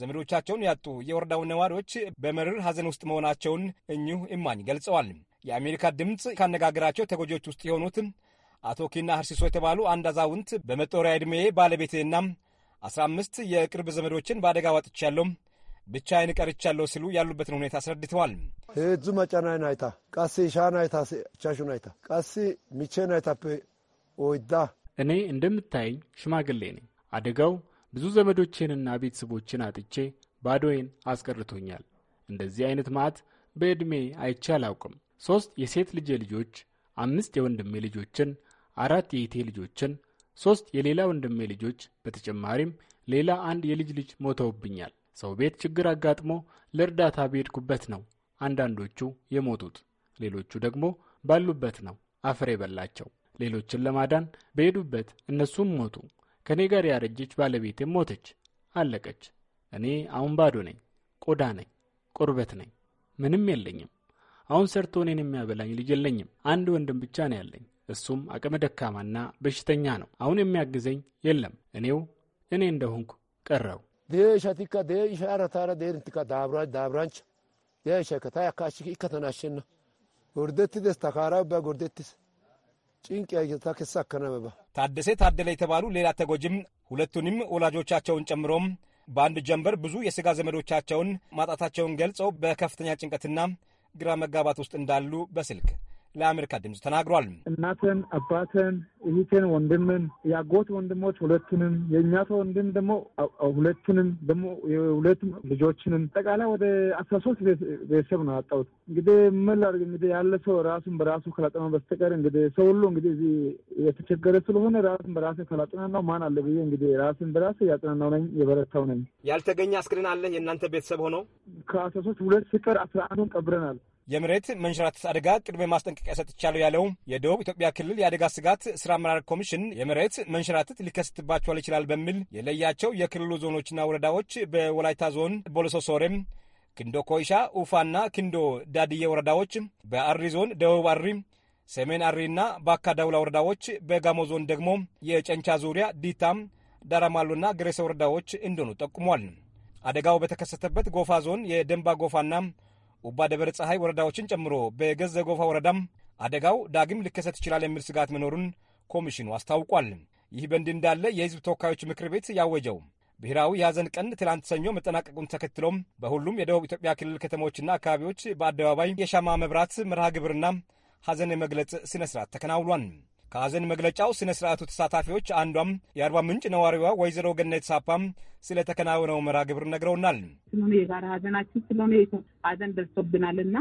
ዘመዶቻቸውን ያጡ የወረዳው ነዋሪዎች በመርር ሐዘን ውስጥ መሆናቸውን እኚሁ እማኝ ገልጸዋል። የአሜሪካ ድምፅ ካነጋገራቸው ተጎጂዎች ውስጥ የሆኑት አቶ ኪና ሀርሲሶ የተባሉ አንድ አዛውንት በመጦሪያ ዕድሜ ባለቤቴና አስራ አምስት የቅርብ ዘመዶችን በአደጋ ዋጥቻለሁ፣ ብቻዬን ቀርቻለሁ ሲሉ ያሉበትን ሁኔታ አስረድተዋል። ሄዙ መጫናይ ናይታ ቃሲ ሻ ናይታ ቻሹ ናይታ ቃሲ ሚቼ ናይታ ወይዳ እኔ እንደምታየኝ ሽማግሌ ነኝ። አደጋው ብዙ ዘመዶቼንና ቤተሰቦቼን አጥቼ ባዶዬን አስቀርቶኛል። እንደዚህ አይነት ማት በዕድሜ አይቼ አላውቅም። ሦስት የሴት ልጄ ልጆች፣ አምስት የወንድሜ ልጆችን፣ አራት የእቴ ልጆችን፣ ሦስት የሌላ ወንድሜ ልጆች፣ በተጨማሪም ሌላ አንድ የልጅ ልጅ ሞተውብኛል። ሰው ቤት ችግር አጋጥሞ ለእርዳታ በሄድኩበት ነው አንዳንዶቹ የሞቱት፣ ሌሎቹ ደግሞ ባሉበት ነው አፈር የበላቸው። ሌሎችን ለማዳን በሄዱበት እነሱም ሞቱ። ከእኔ ጋር ያረጀች ባለቤቴም ሞተች፣ አለቀች። እኔ አሁን ባዶ ነኝ፣ ቆዳ ነኝ፣ ቁርበት ነኝ፣ ምንም የለኝም። አሁን ሰርቶ እኔን የሚያበላኝ ልጅ የለኝም። አንድ ወንድም ብቻ ነው ያለኝ፣ እሱም አቅመ ደካማና በሽተኛ ነው። አሁን የሚያግዘኝ የለም። እኔው እኔ እንደሆንኩ ቀረው። ዴሻቲካ ዴሻረታረ ዴንቲካ ዳብራንች ዴሸከታ ያካሽ ከተናሽና ጉርደትስ ደስታካራ በጉርደትስ ጭንቅ ያየታ ታደሰ ታደለ የተባሉ ሌላ ተጎጂም ሁለቱንም ወላጆቻቸውን ጨምሮም በአንድ ጀንበር ብዙ የሥጋ ዘመዶቻቸውን ማጣታቸውን ገልጸው በከፍተኛ ጭንቀትና ግራ መጋባት ውስጥ እንዳሉ በስልክ ለአሜሪካ ድምፅ ተናግሯል። እናትን፣ አባትን፣ እህትን፣ ወንድምን የአጎት ወንድሞች ሁለቱንም የእኛቶ ወንድም ደግሞ ሁለቱንም ደግሞ የሁለቱም ልጆችንም ጠቃላይ ወደ አስራ ሶስት ቤተሰብ ነው ያጣሁት። እንግዲህ ምን ላድርግ እንግዲህ ያለ ሰው ራሱን በራሱ ከላጥና በስተቀር እንግዲህ ሰው ሁሉ እንግዲህ እዚህ የተቸገረ ስለሆነ ራሱን በራሱ ከላጥናናው ማን አለ ብዬ እንግዲህ ራሱን በራሱ ያጥናናው ነኝ የበረታው ነኝ። ያልተገኘ አስክሬን አለ የእናንተ ቤተሰብ ሆነው ከአስራ ሶስት ሁለት ሲቀር አስራ አንዱን ቀብረናል። የመሬት መንሸራተት አደጋ ቅድመ ማስጠንቀቂያ ሰጥቻለሁ ያለው የደቡብ ኢትዮጵያ ክልል የአደጋ ስጋት ስራ አመራር ኮሚሽን የመሬት መንሸራተት ሊከሰትባቸዋል ይችላል በሚል የለያቸው የክልሉ ዞኖችና ወረዳዎች በወላይታ ዞን ቦሎሶ ሶሬም፣ ክንዶ ኮይሻ፣ ኡፋና ክንዶ ዳድዬ ወረዳዎች በአሪ ዞን ደቡብ አሪ ሰሜን አሪና ባካ ዳውላ ወረዳዎች በጋሞ ዞን ደግሞ የጨንቻ ዙሪያ ዲታም ዳራማሉና ግሬሰ ወረዳዎች እንደሆኑ ጠቁሟል። አደጋው በተከሰተበት ጎፋ ዞን የደንባ ጎፋና ኡባ ደብረ ፀሐይ ወረዳዎችን ጨምሮ በገዘ ጎፋ ወረዳም አደጋው ዳግም ሊከሰት ይችላል የሚል ስጋት መኖሩን ኮሚሽኑ አስታውቋል። ይህ በእንዲህ እንዳለ የሕዝብ ተወካዮች ምክር ቤት ያወጀው ብሔራዊ የሐዘን ቀን ትላንት ሰኞ መጠናቀቁን ተከትሎም በሁሉም የደቡብ ኢትዮጵያ ክልል ከተሞችና አካባቢዎች በአደባባይ የሻማ መብራት መርሃ ግብርና ሐዘን የመግለጽ ስነ ስርዓት ከሀዘን መግለጫው ስነ ስርዓቱ ተሳታፊዎች አንዷም የአርባ ምንጭ ነዋሪዋ ወይዘሮ ገነት ሳፓም ስለተከናወነው መራ ግብር ነግረውናል። ስለሆነ የጋራ ሀዘናችን ስለሆነ ሀዘን ደርሶብናል እና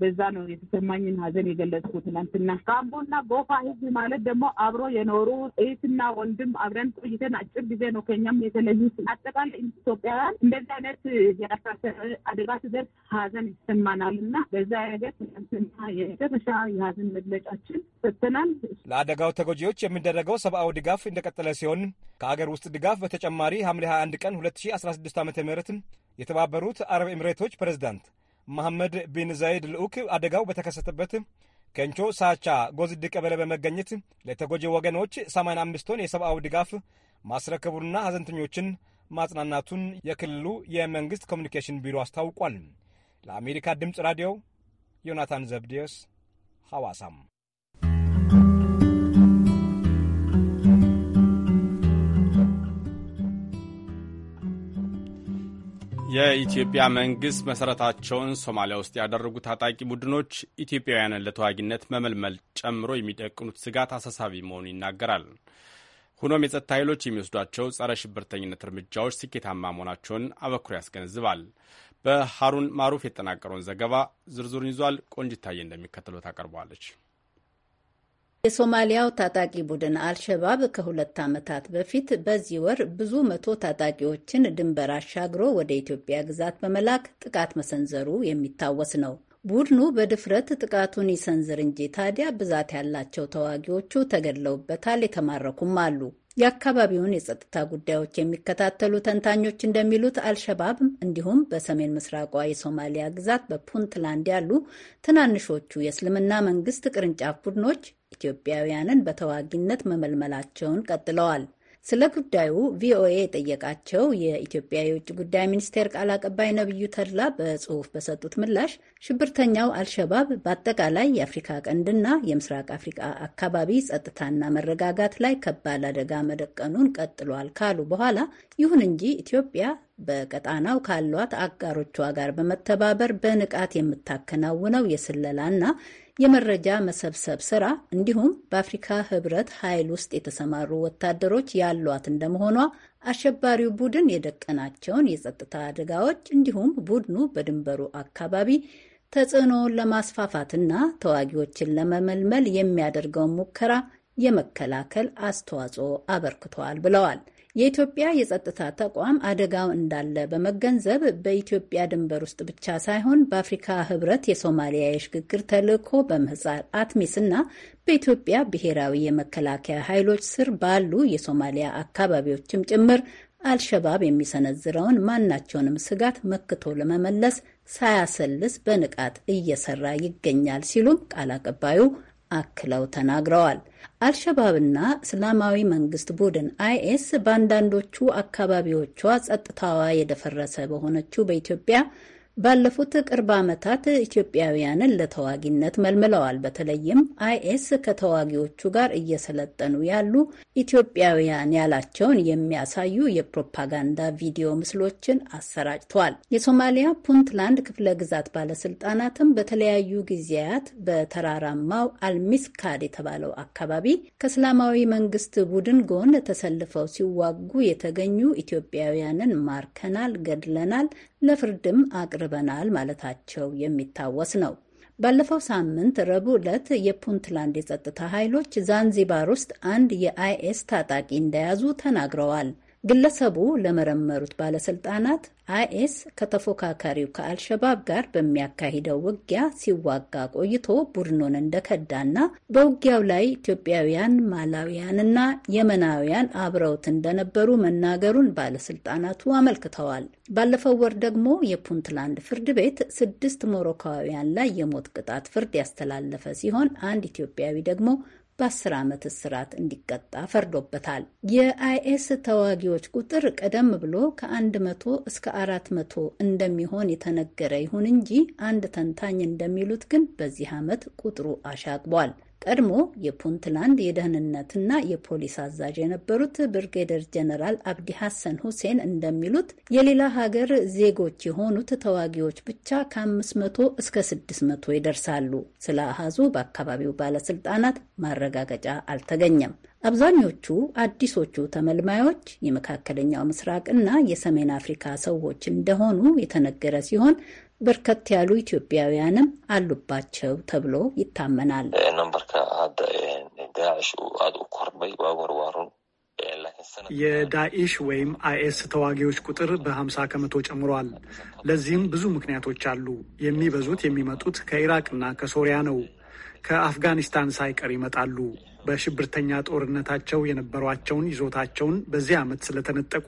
በዛ ነው የተሰማኝን ሀዘን የገለጽኩት። ትናንትና ካምቦና ጎፋ ህዝብ ማለት ደግሞ አብሮ የኖሩ እህትና ወንድም አብረን ቆይተን አጭር ጊዜ ነው ከኛም የተለዩት። አጠቃላይ ኢትዮጵያውያን እንደዚህ አይነት የአሳሰብ አደጋ ሲደርስ ሀዘን ይሰማናል እና በዛ ነገር ትናንትና የመጨረሻ የሀዘን መግለጫችን ሰጥተናል። ለአደጋው ተጎጂዎች የሚደረገው ሰብአዊ ድጋፍ እንደቀጠለ ሲሆን ከአገር ውስጥ ድጋፍ በተጨማሪ ሐምሌ 21 ቀን 2016 ዓ ም የተባበሩት አረብ ኤምሬቶች ፕሬዝዳንት መሐመድ ቢን ዘይድ ልዑክ አደጋው በተከሰተበት ከንቾ ሳቻ ጎዝድ ቀበሌ በመገኘት ለተጎጂ ወገኖች 85 ቶን የሰብአዊ ድጋፍ ማስረከቡንና ሐዘንተኞችን ማጽናናቱን የክልሉ የመንግሥት ኮሚኒኬሽን ቢሮ አስታውቋል። ለአሜሪካ ድምፅ ራዲዮ ዮናታን ዘብዴዎስ ሐዋሳም የኢትዮጵያ መንግስት መሰረታቸውን ሶማሊያ ውስጥ ያደረጉ ታጣቂ ቡድኖች ኢትዮጵያውያንን ለተዋጊነት መመልመል ጨምሮ የሚደቅኑት ስጋት አሳሳቢ መሆኑን ይናገራል። ሆኖም የጸጥታ ኃይሎች የሚወስዷቸው ጸረ ሽብርተኝነት እርምጃዎች ስኬታማ መሆናቸውን አበክሮ ያስገነዝባል። በሀሩን ማሩፍ የተጠናቀረውን ዘገባ ዝርዝሩን ይዟል። ቆንጅታዬ እንደሚከተለው ታቀርበዋለች። የሶማሊያው ታጣቂ ቡድን አልሸባብ ከሁለት ዓመታት በፊት በዚህ ወር ብዙ መቶ ታጣቂዎችን ድንበር አሻግሮ ወደ ኢትዮጵያ ግዛት በመላክ ጥቃት መሰንዘሩ የሚታወስ ነው። ቡድኑ በድፍረት ጥቃቱን ይሰንዝር እንጂ ታዲያ ብዛት ያላቸው ተዋጊዎቹ ተገድለውበታል፣ የተማረኩም አሉ። የአካባቢውን የጸጥታ ጉዳዮች የሚከታተሉ ተንታኞች እንደሚሉት አልሸባብ እንዲሁም በሰሜን ምስራቋ የሶማሊያ ግዛት በፑንትላንድ ያሉ ትናንሾቹ የእስልምና መንግስት ቅርንጫፍ ቡድኖች ኢትዮጵያውያንን በተዋጊነት መመልመላቸውን ቀጥለዋል። ስለ ጉዳዩ ቪኦኤ የጠየቃቸው የኢትዮጵያ የውጭ ጉዳይ ሚኒስቴር ቃል አቀባይ ነቢዩ ተድላ በጽሁፍ በሰጡት ምላሽ ሽብርተኛው አልሸባብ በአጠቃላይ የአፍሪካ ቀንድና የምስራቅ አፍሪካ አካባቢ ጸጥታና መረጋጋት ላይ ከባድ አደጋ መደቀኑን ቀጥሏል ካሉ በኋላ ይሁን እንጂ ኢትዮጵያ በቀጣናው ካሏት አጋሮቿ ጋር በመተባበር በንቃት የምታከናውነው የስለላና የመረጃ መሰብሰብ ስራ እንዲሁም በአፍሪካ ህብረት ኃይል ውስጥ የተሰማሩ ወታደሮች ያሏት እንደመሆኗ አሸባሪው ቡድን የደቀናቸውን የጸጥታ አደጋዎች እንዲሁም ቡድኑ በድንበሩ አካባቢ ተጽዕኖውን ለማስፋፋትና ተዋጊዎችን ለመመልመል የሚያደርገውን ሙከራ የመከላከል አስተዋጽኦ አበርክቷል ብለዋል። የኢትዮጵያ የጸጥታ ተቋም አደጋው እንዳለ በመገንዘብ በኢትዮጵያ ድንበር ውስጥ ብቻ ሳይሆን በአፍሪካ ህብረት የሶማሊያ የሽግግር ተልዕኮ በምህጻር አትሚስ እና በኢትዮጵያ ብሔራዊ የመከላከያ ኃይሎች ስር ባሉ የሶማሊያ አካባቢዎችም ጭምር አልሸባብ የሚሰነዝረውን ማናቸውንም ስጋት መክቶ ለመመለስ ሳያሰልስ በንቃት እየሰራ ይገኛል ሲሉም ቃል አቀባዩ አክለው ተናግረዋል። አልሸባብና እስላማዊ መንግስት ቡድን አይኤስ በአንዳንዶቹ አካባቢዎቿ ጸጥታዋ የደፈረሰ በሆነችው በኢትዮጵያ ባለፉት ቅርብ ዓመታት ኢትዮጵያውያንን ለተዋጊነት መልምለዋል። በተለይም አይኤስ ከተዋጊዎቹ ጋር እየሰለጠኑ ያሉ ኢትዮጵያውያን ያላቸውን የሚያሳዩ የፕሮፓጋንዳ ቪዲዮ ምስሎችን አሰራጭተዋል። የሶማሊያ ፑንትላንድ ክፍለ ግዛት ባለስልጣናትም በተለያዩ ጊዜያት በተራራማው አልሚስካድ የተባለው አካባቢ ከእስላማዊ መንግስት ቡድን ጎን ተሰልፈው ሲዋጉ የተገኙ ኢትዮጵያውያንን ማርከናል፣ ገድለናል ለፍርድም አቅርበናል ማለታቸው የሚታወስ ነው። ባለፈው ሳምንት ረቡዕ ዕለት የፑንትላንድ የጸጥታ ኃይሎች ዛንዚባር ውስጥ አንድ የአይኤስ ታጣቂ እንደያዙ ተናግረዋል። ግለሰቡ ለመረመሩት ባለስልጣናት አይኤስ ከተፎካካሪው ከአልሸባብ ጋር በሚያካሂደው ውጊያ ሲዋጋ ቆይቶ ቡድኑን እንደከዳና በውጊያው ላይ ኢትዮጵያውያን፣ ማላዊያንና የመናውያን አብረውት እንደነበሩ መናገሩን ባለስልጣናቱ አመልክተዋል። ባለፈው ወር ደግሞ የፑንትላንድ ፍርድ ቤት ስድስት ሞሮካውያን ላይ የሞት ቅጣት ፍርድ ያስተላለፈ ሲሆን አንድ ኢትዮጵያዊ ደግሞ በአስር ዓመት እስራት እንዲቀጣ ፈርዶበታል። የአይኤስ ተዋጊዎች ቁጥር ቀደም ብሎ ከአንድ መቶ እስከ አራት መቶ እንደሚሆን የተነገረ ይሁን እንጂ አንድ ተንታኝ እንደሚሉት ግን በዚህ ዓመት ቁጥሩ አሻቅቧል። ቀድሞ የፑንትላንድ የደህንነትና የፖሊስ አዛዥ የነበሩት ብርጌደር ጀነራል አብዲ ሐሰን ሁሴን እንደሚሉት የሌላ ሀገር ዜጎች የሆኑት ተዋጊዎች ብቻ ከ500 እስከ 600 ይደርሳሉ። ስለ አሃዙ በአካባቢው ባለስልጣናት ማረጋገጫ አልተገኘም። አብዛኞቹ አዲሶቹ ተመልማዮች የመካከለኛው ምስራቅና የሰሜን አፍሪካ ሰዎች እንደሆኑ የተነገረ ሲሆን በርከት ያሉ ኢትዮጵያውያንም አሉባቸው ተብሎ ይታመናል። የዳኢሽ ወይም አይኤስ ተዋጊዎች ቁጥር በ ከመቶ ጨምሯል። ለዚህም ብዙ ምክንያቶች አሉ። የሚበዙት የሚመጡት ከኢራቅና ከሶሪያ ነው። ከአፍጋኒስታን ሳይቀር ይመጣሉ። በሽብርተኛ ጦርነታቸው የነበሯቸውን ይዞታቸውን በዚህ ዓመት ስለተነጠቁ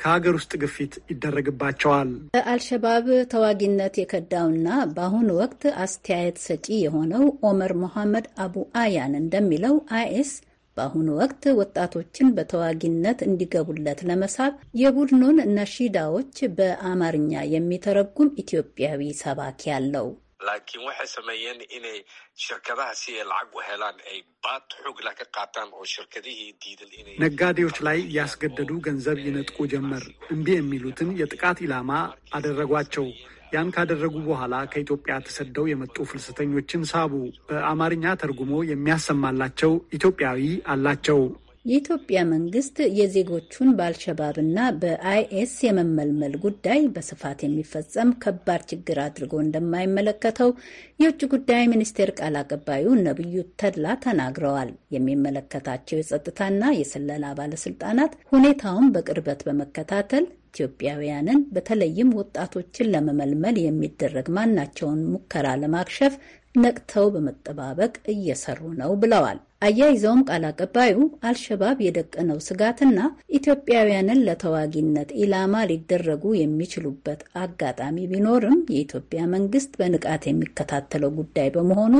ከሀገር ውስጥ ግፊት ይደረግባቸዋል። በአልሸባብ ተዋጊነት የከዳውና በአሁኑ ወቅት አስተያየት ሰጪ የሆነው ኦመር ሞሐመድ አቡ አያን እንደሚለው አይኤስ በአሁኑ ወቅት ወጣቶችን በተዋጊነት እንዲገቡለት ለመሳብ የቡድኑን ነሺዳዎች በአማርኛ የሚተረጉም ኢትዮጵያዊ ሰባኪ አለው። laakiin waxay sameeyeen inay shirkadaha si ay lacag u helaan ay baad xoogla ka qaataan oo shirkadihii diidan inay ነጋዴዎች ላይ ያስገደዱ ገንዘብ ይነጥቁ ጀመር። እምቢ የሚሉትን የጥቃት ኢላማ አደረጓቸው። ያን ካደረጉ በኋላ ከኢትዮጵያ ተሰደው የመጡ ፍልሰተኞችን ሳቡ። በአማርኛ ተርጉሞ የሚያሰማላቸው ኢትዮጵያዊ አላቸው። የኢትዮጵያ መንግስት የዜጎቹን በአልሸባብና በአይኤስ የመመልመል ጉዳይ በስፋት የሚፈጸም ከባድ ችግር አድርጎ እንደማይመለከተው የውጭ ጉዳይ ሚኒስቴር ቃል አቀባዩ ነብዩ ተድላ ተናግረዋል። የሚመለከታቸው የጸጥታና የስለላ ባለስልጣናት ሁኔታውን በቅርበት በመከታተል ኢትዮጵያውያንን በተለይም ወጣቶችን ለመመልመል የሚደረግ ማናቸውን ሙከራ ለማክሸፍ ነቅተው በመጠባበቅ እየሰሩ ነው ብለዋል። አያይዘውም ቃል አቀባዩ አልሸባብ የደቀነው ስጋትና ኢትዮጵያውያንን ለተዋጊነት ኢላማ ሊደረጉ የሚችሉበት አጋጣሚ ቢኖርም የኢትዮጵያ መንግስት በንቃት የሚከታተለው ጉዳይ በመሆኑ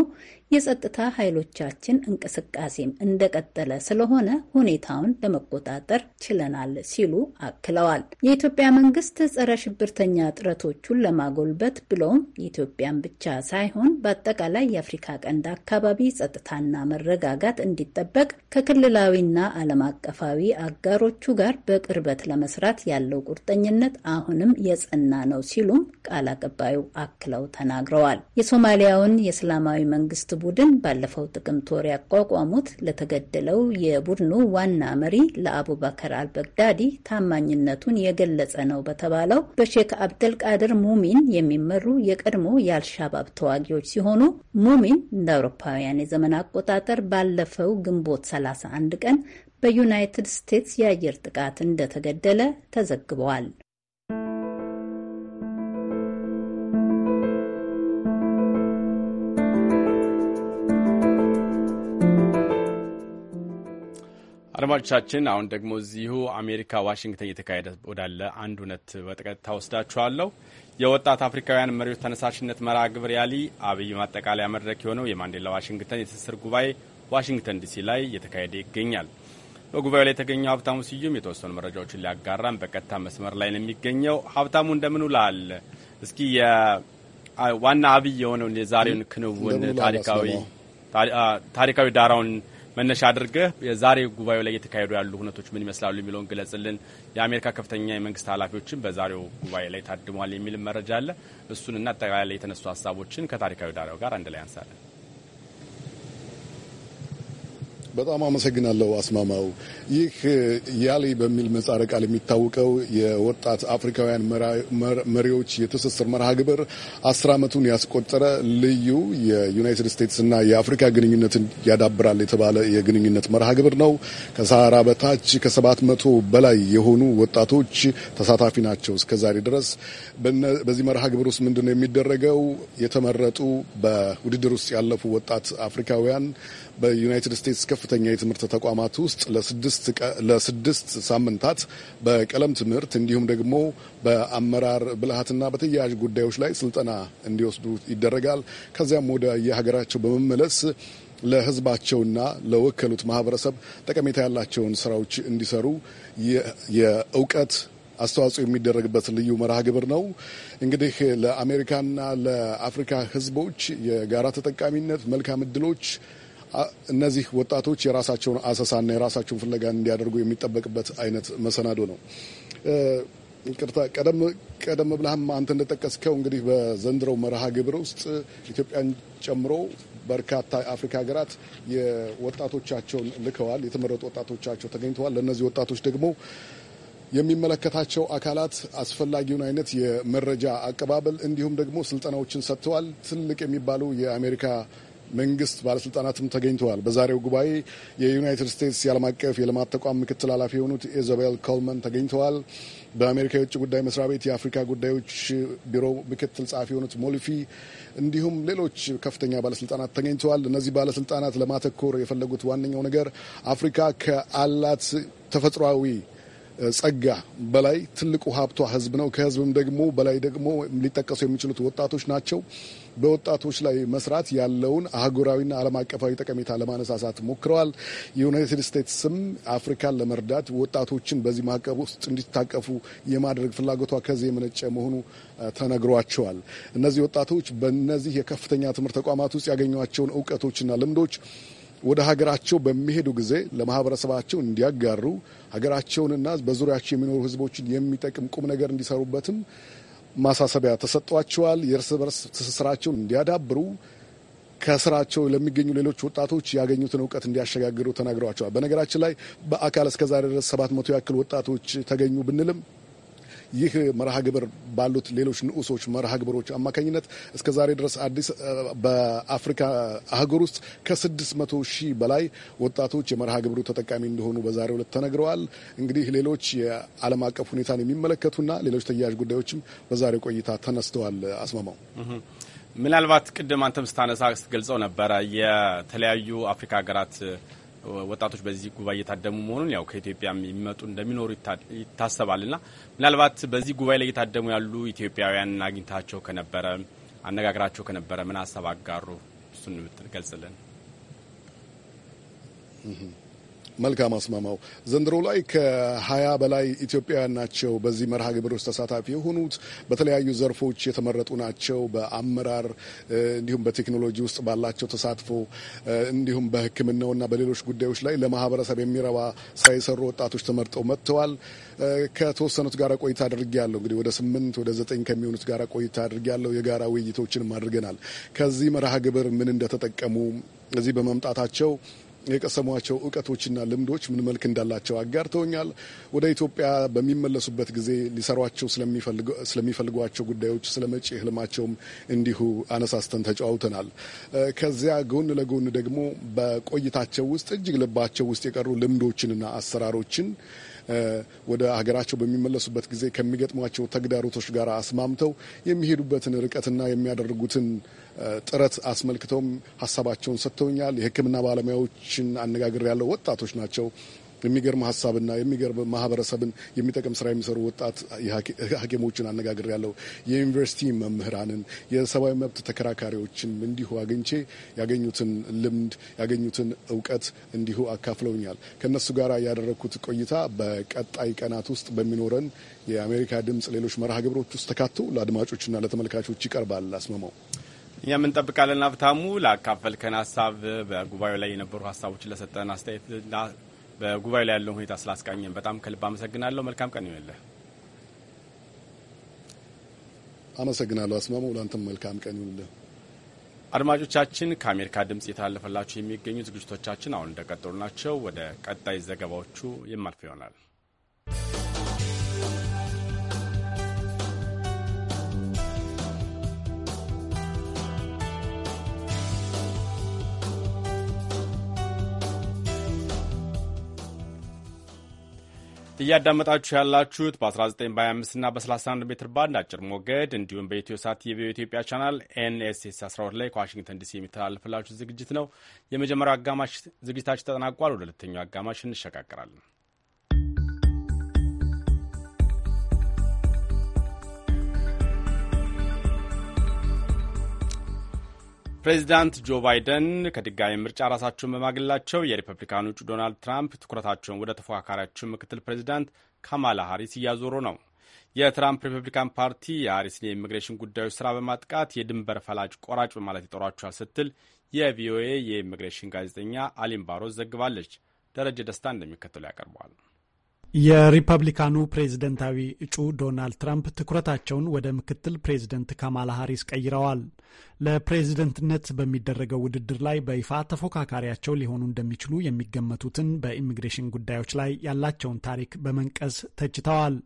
የጸጥታ ኃይሎቻችን እንቅስቃሴም እንደቀጠለ ስለሆነ ሁኔታውን ለመቆጣጠር ችለናል ሲሉ አክለዋል። የኢትዮጵያ መንግስት ጸረ ሽብርተኛ ጥረቶቹን ለማጎልበት ብሎም የኢትዮጵያን ብቻ ሳይሆን በአጠቃላይ የአፍሪካ ቀንድ አካባቢ ጸጥታና መረጋጋት እንዲጠበቅ ከክልላዊና ዓለም አቀፋዊ አጋሮቹ ጋር በቅርበት ለመስራት ያለው ቁርጠኝነት አሁንም የጸና ነው ሲሉም ቃል አቀባዩ አክለው ተናግረዋል። የሶማሊያውን የእስላማዊ መንግስት ቡድን ባለፈው ጥቅምት ወር ያቋቋሙት ለተገደለው የቡድኑ ዋና መሪ ለአቡበከር አልበግዳዲ ታማኝነቱን የገለጸ ነው በተባለው በሼክ አብደልቃድር ሙሚን የሚመሩ የቀድሞ የአልሻባብ ተዋጊዎች ሲሆኑ ሙሚን እንደ አውሮፓውያን የዘመን አቆጣጠር ባለፈው ግንቦት 31 ቀን በዩናይትድ ስቴትስ የአየር ጥቃት እንደተገደለ ተዘግበዋል። አድማጮቻችን አሁን ደግሞ እዚሁ አሜሪካ ዋሽንግተን እየተካሄደ ወዳለ አንድ እውነት በቀጥታ ወስዳችኋለሁ። የወጣት አፍሪካውያን መሪዎች ተነሳሽነት መርሃ ግብር ያሊ አብይ ማጠቃለያ መድረክ የሆነው የማንዴላ ዋሽንግተን የትስስር ጉባኤ ዋሽንግተን ዲሲ ላይ እየተካሄደ ይገኛል። በጉባኤው ላይ የተገኘው ሀብታሙ ስዩም የተወሰኑ መረጃዎችን ሊያጋራን በቀጥታ መስመር ላይ ነው የሚገኘው። ሀብታሙ እንደምን ውላል? እስኪ ዋና አብይ የሆነውን የዛሬውን ክንውን ታሪካዊ ታሪካዊ ዳራውን መነሻ አድርገህ የዛሬ ጉባኤው ላይ እየተካሄዱ ያሉ ሁነቶች ምን ይመስላሉ የሚለውን ግለጽልን። የአሜሪካ ከፍተኛ የመንግስት ኃላፊዎችን በዛሬው ጉባኤ ላይ ታድሟል የሚል መረጃ አለ። እሱንና አጠቃላይ የተነሱ ሀሳቦችን ከታሪካዊ ዳራው ጋር አንድ ላይ አንሳለን። በጣም አመሰግናለሁ አስማማው። ይህ ያሌ በሚል ምህጻረ ቃል የሚታወቀው የወጣት አፍሪካውያን መሪዎች የትስስር መርሃ ግብር አስር ዓመቱን ያስቆጠረ ልዩ የዩናይትድ ስቴትስና የአፍሪካ ግንኙነትን ያዳብራል የተባለ የግንኙነት መርሃ ግብር ነው። ከሰሃራ በታች ከሰባት መቶ በላይ የሆኑ ወጣቶች ተሳታፊ ናቸው እስከዛሬ ድረስ። በዚህ መርሃ ግብር ውስጥ ምንድን ነው የሚደረገው? የተመረጡ በውድድር ውስጥ ያለፉ ወጣት አፍሪካውያን በዩናይትድ ስቴትስ ከፍተኛ የትምህርት ተቋማት ውስጥ ለስድስት ሳምንታት በቀለም ትምህርት እንዲሁም ደግሞ በአመራር ብልሃትና በተያያዥ ጉዳዮች ላይ ስልጠና እንዲወስዱ ይደረጋል። ከዚያም ወደ የሀገራቸው በመመለስ ለህዝባቸውና ለወከሉት ማህበረሰብ ጠቀሜታ ያላቸውን ስራዎች እንዲሰሩ የእውቀት አስተዋጽኦ የሚደረግበት ልዩ መርሃ ግብር ነው። እንግዲህ ለአሜሪካና ለአፍሪካ ህዝቦች የጋራ ተጠቃሚነት መልካም እድሎች እነዚህ ወጣቶች የራሳቸውን አሰሳና የራሳቸውን ፍለጋ እንዲያደርጉ የሚጠበቅበት አይነት መሰናዶ ነው። ቅርታ ቀደም ቀደም ብለህም አንተ እንደጠቀስከው እንግዲህ በዘንድሮው መርሃ ግብር ውስጥ ኢትዮጵያን ጨምሮ በርካታ የአፍሪካ ሀገራት የወጣቶቻቸውን ልከዋል። የተመረጡ ወጣቶቻቸው ተገኝተዋል። ለእነዚህ ወጣቶች ደግሞ የሚመለከታቸው አካላት አስፈላጊውን አይነት የመረጃ አቀባበል እንዲሁም ደግሞ ስልጠናዎችን ሰጥተዋል። ትልቅ የሚባሉ የአሜሪካ መንግስት ባለስልጣናትም ተገኝተዋል። በዛሬው ጉባኤ የዩናይትድ ስቴትስ የዓለም አቀፍ የልማት ተቋም ምክትል ኃላፊ የሆኑት ኢዛቤል ኮልመን ተገኝተዋል። በአሜሪካ የውጭ ጉዳይ መስሪያ ቤት የአፍሪካ ጉዳዮች ቢሮ ምክትል ጸሐፊ የሆኑት ሞልፊ እንዲሁም ሌሎች ከፍተኛ ባለስልጣናት ተገኝተዋል። እነዚህ ባለስልጣናት ለማተኮር የፈለጉት ዋነኛው ነገር አፍሪካ ከአላት ተፈጥሯዊ ጸጋ በላይ ትልቁ ሀብቷ ህዝብ ነው። ከህዝብም ደግሞ በላይ ደግሞ ሊጠቀሱ የሚችሉት ወጣቶች ናቸው። በወጣቶች ላይ መስራት ያለውን አህጉራዊና ዓለም አቀፋዊ ጠቀሜታ ለማነሳሳት ሞክረዋል። የዩናይትድ ስቴትስም አፍሪካን ለመርዳት ወጣቶችን በዚህ ማዕቀብ ውስጥ እንዲታቀፉ የማድረግ ፍላጎቷ ከዚህ የመነጨ መሆኑ ተነግሯቸዋል። እነዚህ ወጣቶች በእነዚህ የከፍተኛ ትምህርት ተቋማት ውስጥ ያገኟቸውን እውቀቶችና ልምዶች ወደ ሀገራቸው በሚሄዱ ጊዜ ለማህበረሰባቸው እንዲያጋሩ ሀገራቸውንና በዙሪያቸው የሚኖሩ ህዝቦችን የሚጠቅም ቁም ነገር እንዲሰሩበትም ማሳሰቢያ ተሰጥቷቸዋል። የእርስ በርስ ትስስራቸውን እንዲያዳብሩ ከስራቸው ለሚገኙ ሌሎች ወጣቶች ያገኙትን እውቀት እንዲያሸጋግሩ ተናግረዋቸዋል። በነገራችን ላይ በአካል እስከዛሬ ድረስ ሰባት መቶ ያክል ወጣቶች ተገኙ ብንልም ይህ መርሃ ግብር ባሉት ሌሎች ንዑሶች መርሃ ግብሮች አማካኝነት እስከ ዛሬ ድረስ አዲስ በአፍሪካ አህጉር ውስጥ ከስድስት መቶ ሺህ በላይ ወጣቶች የመርሃ ግብሩ ተጠቃሚ እንደሆኑ በዛሬው ዕለት ተነግረዋል። እንግዲህ ሌሎች የዓለም አቀፍ ሁኔታን የሚመለከቱና ሌሎች ተያያዥ ጉዳዮችም በዛሬው ቆይታ ተነስተዋል። አስማማው ምናልባት ቅድም አንተም ስታነሳ ስትገልጸው ነበረ የተለያዩ አፍሪካ ሀገራት ወጣቶች በዚህ ጉባኤ እየታደሙ መሆኑን ያው ከኢትዮጵያ የሚመጡ እንደሚኖሩ ይታሰባልና ምናልባት በዚህ ጉባኤ ላይ እየታደሙ ያሉ ኢትዮጵያውያን አግኝታቸው ከነበረ አነጋግራቸው ከነበረ ምን ሀሳብ አጋሩ? እሱን የምትገልጽልን መልካም አስማማው፣ ዘንድሮ ላይ ከሀያ በላይ ኢትዮጵያውያን ናቸው በዚህ መርሃ ግብር ውስጥ ተሳታፊ የሆኑት በተለያዩ ዘርፎች የተመረጡ ናቸው። በአመራር እንዲሁም በቴክኖሎጂ ውስጥ ባላቸው ተሳትፎ እንዲሁም በሕክምናውና በሌሎች ጉዳዮች ላይ ለማህበረሰብ የሚረባ ስራ የሰሩ ወጣቶች ተመርጠው መጥተዋል። ከተወሰኑት ጋር ቆይታ አድርጌያለሁ። እንግዲህ ወደ ስምንት ወደ ዘጠኝ ከሚሆኑት ጋር ቆይታ አድርጌያለሁ። የጋራ ውይይቶችንም አድርገናል። ከዚህ መርሃ ግብር ምን እንደተጠቀሙ እዚህ በመምጣታቸው የቀሰሟቸው እውቀቶችና ልምዶች ምን መልክ እንዳላቸው አጋርተውኛል። ወደ ኢትዮጵያ በሚመለሱበት ጊዜ ሊሰሯቸው ስለሚፈልጓቸው ጉዳዮች፣ ስለ መጪ ህልማቸውም እንዲሁ አነሳስተን ተጫውተናል። ከዚያ ጎን ለጎን ደግሞ በቆይታቸው ውስጥ እጅግ ልባቸው ውስጥ የቀሩ ልምዶችንና አሰራሮችን ወደ ሀገራቸው በሚመለሱበት ጊዜ ከሚገጥሟቸው ተግዳሮቶች ጋር አስማምተው የሚሄዱበትን ርቀትና የሚያደርጉትን ጥረት አስመልክተውም ሀሳባቸውን ሰጥተውኛል። የሕክምና ባለሙያዎችን አነጋግር ያለው ወጣቶች ናቸው። የሚገርም ሀሳብና የሚገርም ማህበረሰብን የሚጠቅም ስራ የሚሰሩ ወጣት ሐኪሞችን አነጋግር ያለው የዩኒቨርሲቲ መምህራንን፣ የሰብአዊ መብት ተከራካሪዎችን እንዲሁ አግኝቼ ያገኙትን ልምድ ያገኙትን እውቀት እንዲሁ አካፍለውኛል። ከእነሱ ጋር ያደረግኩት ቆይታ በቀጣይ ቀናት ውስጥ በሚኖረን የአሜሪካ ድምፅ ሌሎች መርሃ ግብሮች ውስጥ ተካቶ ለአድማጮችና ለተመልካቾች ይቀርባል። አስመመው እኛም እንጠብቃለን። ሀብታሙ ላካፈልከን ሀሳብ በጉባኤው ላይ የነበሩ ሀሳቦችን ለሰጠን አስተያየት በጉባኤ ላይ ያለውን ሁኔታ ስላስቃኘን በጣም ከልብ አመሰግናለሁ። መልካም ቀን ይሆንልህ። አመሰግናለሁ አስማማው፣ ለአንተም መልካም ቀን ይሁንልህ። አድማጮቻችን ከአሜሪካ ድምጽ የተላለፈላቸው የሚገኙ ዝግጅቶቻችን አሁን እንደቀጠሉ ናቸው። ወደ ቀጣይ ዘገባዎቹ የማልፍ ይሆናል። እያዳመጣችሁ ያላችሁት በ19 በ25ና በ31 ሜትር ባንድ አጭር ሞገድ እንዲሁም በኢትዮ ሳት የቪ ኢትዮጵያ ቻናል ኤንኤስኤስ 12 ላይ ከዋሽንግተን ዲሲ የሚተላለፍላችሁ ዝግጅት ነው። የመጀመሪያው አጋማሽ ዝግጅታችን ተጠናቋል። ወደ ሁለተኛው አጋማሽ እንሸጋግራለን። ፕሬዚዳንት ጆ ባይደን ከድጋሚ ምርጫ ራሳቸውን በማግለላቸው የሪፐብሊካኑ እጩ ዶናልድ ትራምፕ ትኩረታቸውን ወደ ተፎካካሪያቸው ምክትል ፕሬዚዳንት ካማላ ሀሪስ እያዞሩ ነው። የትራምፕ ሪፐብሊካን ፓርቲ የሀሪስን የኢሚግሬሽን ጉዳዮች ስራ በማጥቃት የድንበር ፈላጭ ቆራጭ በማለት ይጠሯቸዋል ስትል የቪኦኤ የኢሚግሬሽን ጋዜጠኛ አሊም ባሮስ ዘግባለች። ደረጀ ደስታ እንደሚከተሉ ያቀርበዋል። የሪፐብሊካኑ ፕሬዝደንታዊ እጩ ዶናልድ ትራምፕ ትኩረታቸውን ወደ ምክትል ፕሬዝደንት ካማላ ሃሪስ ቀይረዋል። ለፕሬዝደንትነት በሚደረገው ውድድር ላይ በይፋ ተፎካካሪያቸው ሊሆኑ እንደሚችሉ የሚገመቱትን በኢሚግሬሽን ጉዳዮች ላይ ያላቸውን ታሪክ በመንቀስ ተችተዋል።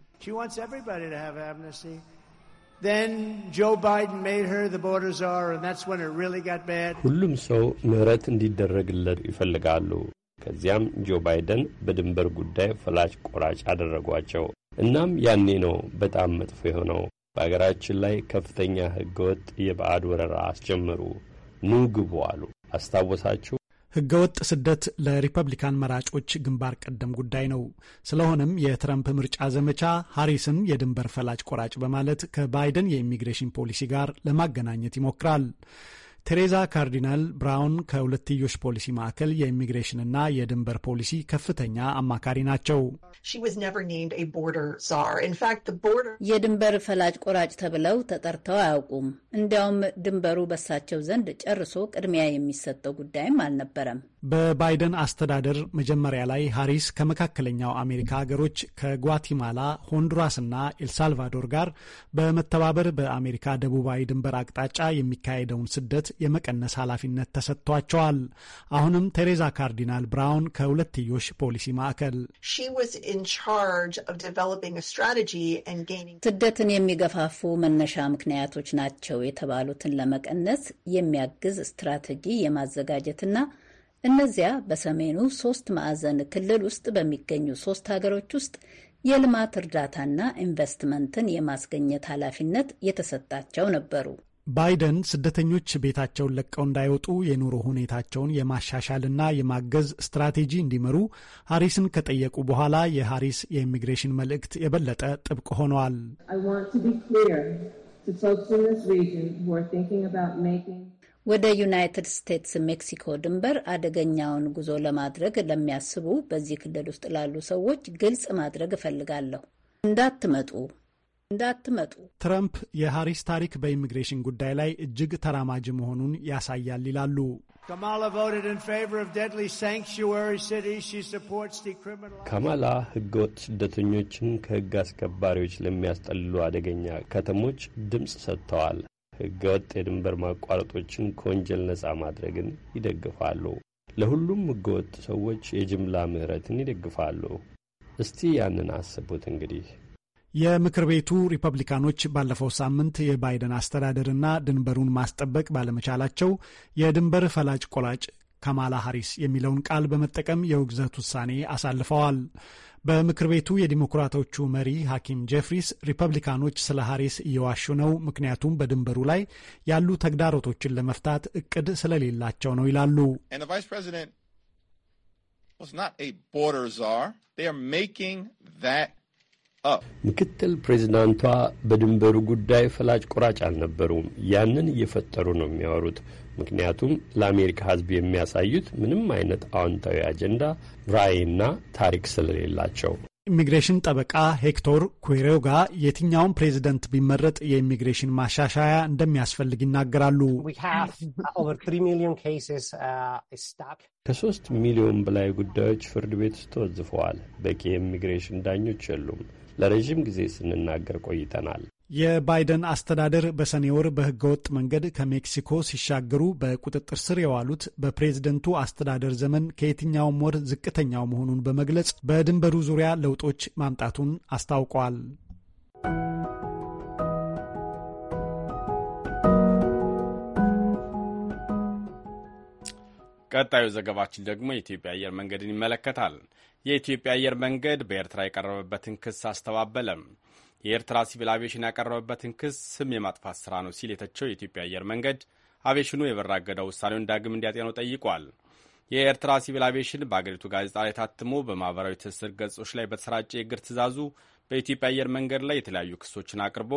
ሁሉም ሰው ምህረት እንዲደረግለት ይፈልጋሉ። ከዚያም ጆ ባይደን በድንበር ጉዳይ ፈላጭ ቆራጭ አደረጓቸው። እናም ያኔ ነው በጣም መጥፎ የሆነው። በአገራችን ላይ ከፍተኛ ህገወጥ የባዕድ ወረራ አስጀምሩ፣ ኑ ግቡ አሉ። አስታወሳችሁ? ህገወጥ ስደት ለሪፐብሊካን መራጮች ግንባር ቀደም ጉዳይ ነው። ስለሆነም የትረምፕ ምርጫ ዘመቻ ሃሪስን የድንበር ፈላጭ ቆራጭ በማለት ከባይደን የኢሚግሬሽን ፖሊሲ ጋር ለማገናኘት ይሞክራል። ቴሬዛ ካርዲናል ብራውን ከሁለትዮሽ ፖሊሲ ማዕከል የኢሚግሬሽንና የድንበር ፖሊሲ ከፍተኛ አማካሪ ናቸው። የድንበር ፈላጭ ቆራጭ ተብለው ተጠርተው አያውቁም። እንዲያውም ድንበሩ በሳቸው ዘንድ ጨርሶ ቅድሚያ የሚሰጠው ጉዳይም አልነበረም። በባይደን አስተዳደር መጀመሪያ ላይ ሃሪስ ከመካከለኛው አሜሪካ ሀገሮች ከጓቲማላ፣ ሆንዱራስና ኤልሳልቫዶር ጋር በመተባበር በአሜሪካ ደቡባዊ ድንበር አቅጣጫ የሚካሄደውን ስደት የመቀነስ ኃላፊነት ተሰጥቷቸዋል። አሁንም ቴሬዛ ካርዲናል ብራውን ከሁለትዮሽ ፖሊሲ ማዕከል ስደትን የሚገፋፉ መነሻ ምክንያቶች ናቸው የተባሉትን ለመቀነስ የሚያግዝ ስትራቴጂ የማዘጋጀትና እነዚያ በሰሜኑ ሶስት ማዕዘን ክልል ውስጥ በሚገኙ ሶስት ሀገሮች ውስጥ የልማት እርዳታና ኢንቨስትመንትን የማስገኘት ኃላፊነት የተሰጣቸው ነበሩ። ባይደን ስደተኞች ቤታቸውን ለቀው እንዳይወጡ የኑሮ ሁኔታቸውን የማሻሻልና የማገዝ ስትራቴጂ እንዲመሩ ሀሪስን ከጠየቁ በኋላ የሀሪስ የኢሚግሬሽን መልእክት የበለጠ ጥብቅ ሆነዋል። ወደ ዩናይትድ ስቴትስ ሜክሲኮ ድንበር አደገኛውን ጉዞ ለማድረግ ለሚያስቡ በዚህ ክልል ውስጥ ላሉ ሰዎች ግልጽ ማድረግ እፈልጋለሁ። እንዳትመጡ እንዳትመጡ። ትረምፕ የሃሪስ ታሪክ በኢሚግሬሽን ጉዳይ ላይ እጅግ ተራማጅ መሆኑን ያሳያል ይላሉ። ካማላ ህገወጥ ስደተኞችን ከህግ አስከባሪዎች ለሚያስጠልሉ አደገኛ ከተሞች ድምፅ ሰጥተዋል። ህገወጥ የድንበር ማቋረጦችን ከወንጀል ነፃ ማድረግን ይደግፋሉ። ለሁሉም ህገወጥ ሰዎች የጅምላ ምህረትን ይደግፋሉ። እስቲ ያንን አስቡት እንግዲህ የምክር ቤቱ ሪፐብሊካኖች ባለፈው ሳምንት የባይደን አስተዳደርና ድንበሩን ማስጠበቅ ባለመቻላቸው የድንበር ፈላጭ ቆላጭ ካማላ ሀሪስ የሚለውን ቃል በመጠቀም የውግዘት ውሳኔ አሳልፈዋል። በምክር ቤቱ የዲሞክራቶቹ መሪ ሐኪም ጄፍሪስ ሪፐብሊካኖች ስለ ሀሪስ እየዋሹ ነው፣ ምክንያቱም በድንበሩ ላይ ያሉ ተግዳሮቶችን ለመፍታት እቅድ ስለሌላቸው ነው ይላሉ። ቫይስ ምክትል ፕሬዚዳንቷ በድንበሩ ጉዳይ ፈላጭ ቆራጭ አልነበሩም። ያንን እየፈጠሩ ነው የሚያወሩት። ምክንያቱም ለአሜሪካ ሕዝብ የሚያሳዩት ምንም አይነት አዎንታዊ አጀንዳ፣ ራዕይና ታሪክ ስለሌላቸው። ኢሚግሬሽን ጠበቃ ሄክቶር ኩሬው ጋር የትኛውን ፕሬዚደንት ቢመረጥ የኢሚግሬሽን ማሻሻያ እንደሚያስፈልግ ይናገራሉ። uh, uh, ከሶስት ሚሊዮን በላይ ጉዳዮች ፍርድ ቤት ውስጥ ተወዝፈዋል። በቂ የኢሚግሬሽን ዳኞች የሉም። ለረዥም ጊዜ ስንናገር ቆይተናል። የባይደን አስተዳደር በሰኔ ወር በህገወጥ መንገድ ከሜክሲኮ ሲሻገሩ በቁጥጥር ስር የዋሉት በፕሬዝደንቱ አስተዳደር ዘመን ከየትኛውም ወር ዝቅተኛው መሆኑን በመግለጽ በድንበሩ ዙሪያ ለውጦች ማምጣቱን አስታውቀዋል። ቀጣዩ ዘገባችን ደግሞ የኢትዮጵያ አየር መንገድን ይመለከታል። የኢትዮጵያ አየር መንገድ በኤርትራ የቀረበበትን ክስ አስተባበለም። የኤርትራ ሲቪል አቪዬሽን ያቀረበበትን ክስ ስም የማጥፋት ስራ ነው ሲል የተቸው የኢትዮጵያ አየር መንገድ አቪዬሽኑ የበራ እገዳ ውሳኔውን ዳግም እንዲያጤነው ጠይቋል። የኤርትራ ሲቪል አቪዬሽን በአገሪቱ ጋዜጣ ላይ ታትሞ በማኅበራዊ ትስስር ገጾች ላይ በተሰራጨ የእግር ትእዛዙ በኢትዮጵያ አየር መንገድ ላይ የተለያዩ ክሶችን አቅርቦ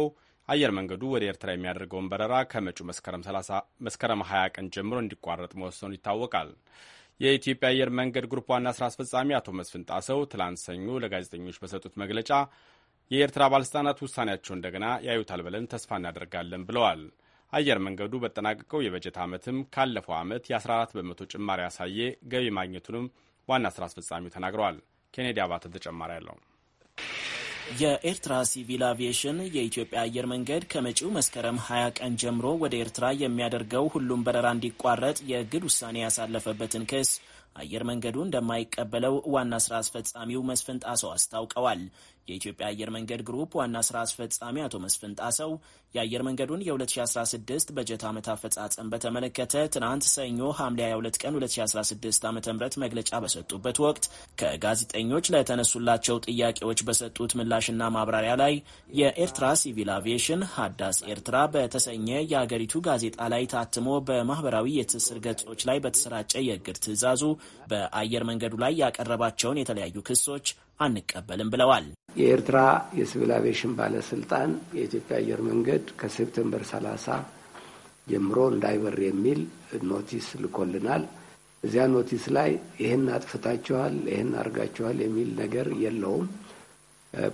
አየር መንገዱ ወደ ኤርትራ የሚያደርገውን በረራ ከመጪው መስከረም 20 ቀን ጀምሮ እንዲቋረጥ መወሰኑ ይታወቃል። የኢትዮጵያ አየር መንገድ ግሩፕ ዋና ስራ አስፈጻሚ አቶ መስፍን ጣሰው ትላንት ሰኞ ለጋዜጠኞች በሰጡት መግለጫ የኤርትራ ባለሥልጣናት ውሳኔያቸው እንደገና ያዩታል ብለን ተስፋ እናደርጋለን ብለዋል። አየር መንገዱ በጠናቀቀው የበጀት ዓመትም ካለፈው ዓመት የ14 በመቶ ጭማሪ ያሳየ ገቢ ማግኘቱንም ዋና ስራ አስፈጻሚው ተናግረዋል። ኬኔዲ አባተ ተጨማሪ ያለው የኤርትራ ሲቪል አቪዬሽን የኢትዮጵያ አየር መንገድ ከመጪው መስከረም 20 ቀን ጀምሮ ወደ ኤርትራ የሚያደርገው ሁሉም በረራ እንዲቋረጥ የእግድ ውሳኔ ያሳለፈበትን ክስ አየር መንገዱ እንደማይቀበለው ዋና ስራ አስፈጻሚው መስፍን ጣሰው አስታውቀዋል። የኢትዮጵያ አየር መንገድ ግሩፕ ዋና ስራ አስፈጻሚ አቶ መስፍን ጣሰው የአየር መንገዱን የ2016 በጀት ዓመት አፈጻጸም በተመለከተ ትናንት ሰኞ ሐምሌ 22 ቀን 2016 ዓ ም መግለጫ በሰጡበት ወቅት ከጋዜጠኞች ለተነሱላቸው ጥያቄዎች በሰጡት ምላሽና ማብራሪያ ላይ የኤርትራ ሲቪል አቪዬሽን ሀዳስ ኤርትራ በተሰኘ የአገሪቱ ጋዜጣ ላይ ታትሞ በማህበራዊ የትስስር ገጾች ላይ በተሰራጨ የእግድ ትዕዛዙ በአየር መንገዱ ላይ ያቀረባቸውን የተለያዩ ክሶች አንቀበልም ብለዋል። የኤርትራ የሲቪል አቪዬሽን ባለስልጣን የኢትዮጵያ አየር መንገድ ከሴፕተምበር 30 ጀምሮ እንዳይበር የሚል ኖቲስ ልኮልናል። እዚያ ኖቲስ ላይ ይህን አጥፍታችኋል፣ ይህን አድርጋችኋል የሚል ነገር የለውም።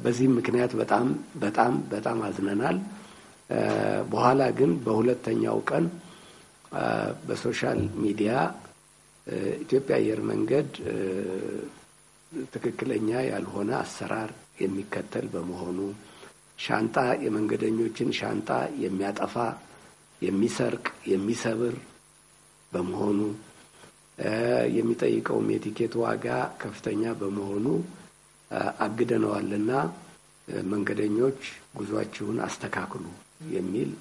በዚህም ምክንያት በጣም በጣም በጣም አዝነናል። በኋላ ግን በሁለተኛው ቀን በሶሻል ሚዲያ ኢትዮጵያ አየር መንገድ ትክክለኛ ያልሆነ አሰራር የሚከተል በመሆኑ ሻንጣ የመንገደኞችን ሻንጣ የሚያጠፋ የሚሰርቅ፣ የሚሰብር በመሆኑ የሚጠይቀውም የቲኬት ዋጋ ከፍተኛ በመሆኑ አግደነዋልና መንገደኞች ጉዟችሁን አስተካክሉ የሚል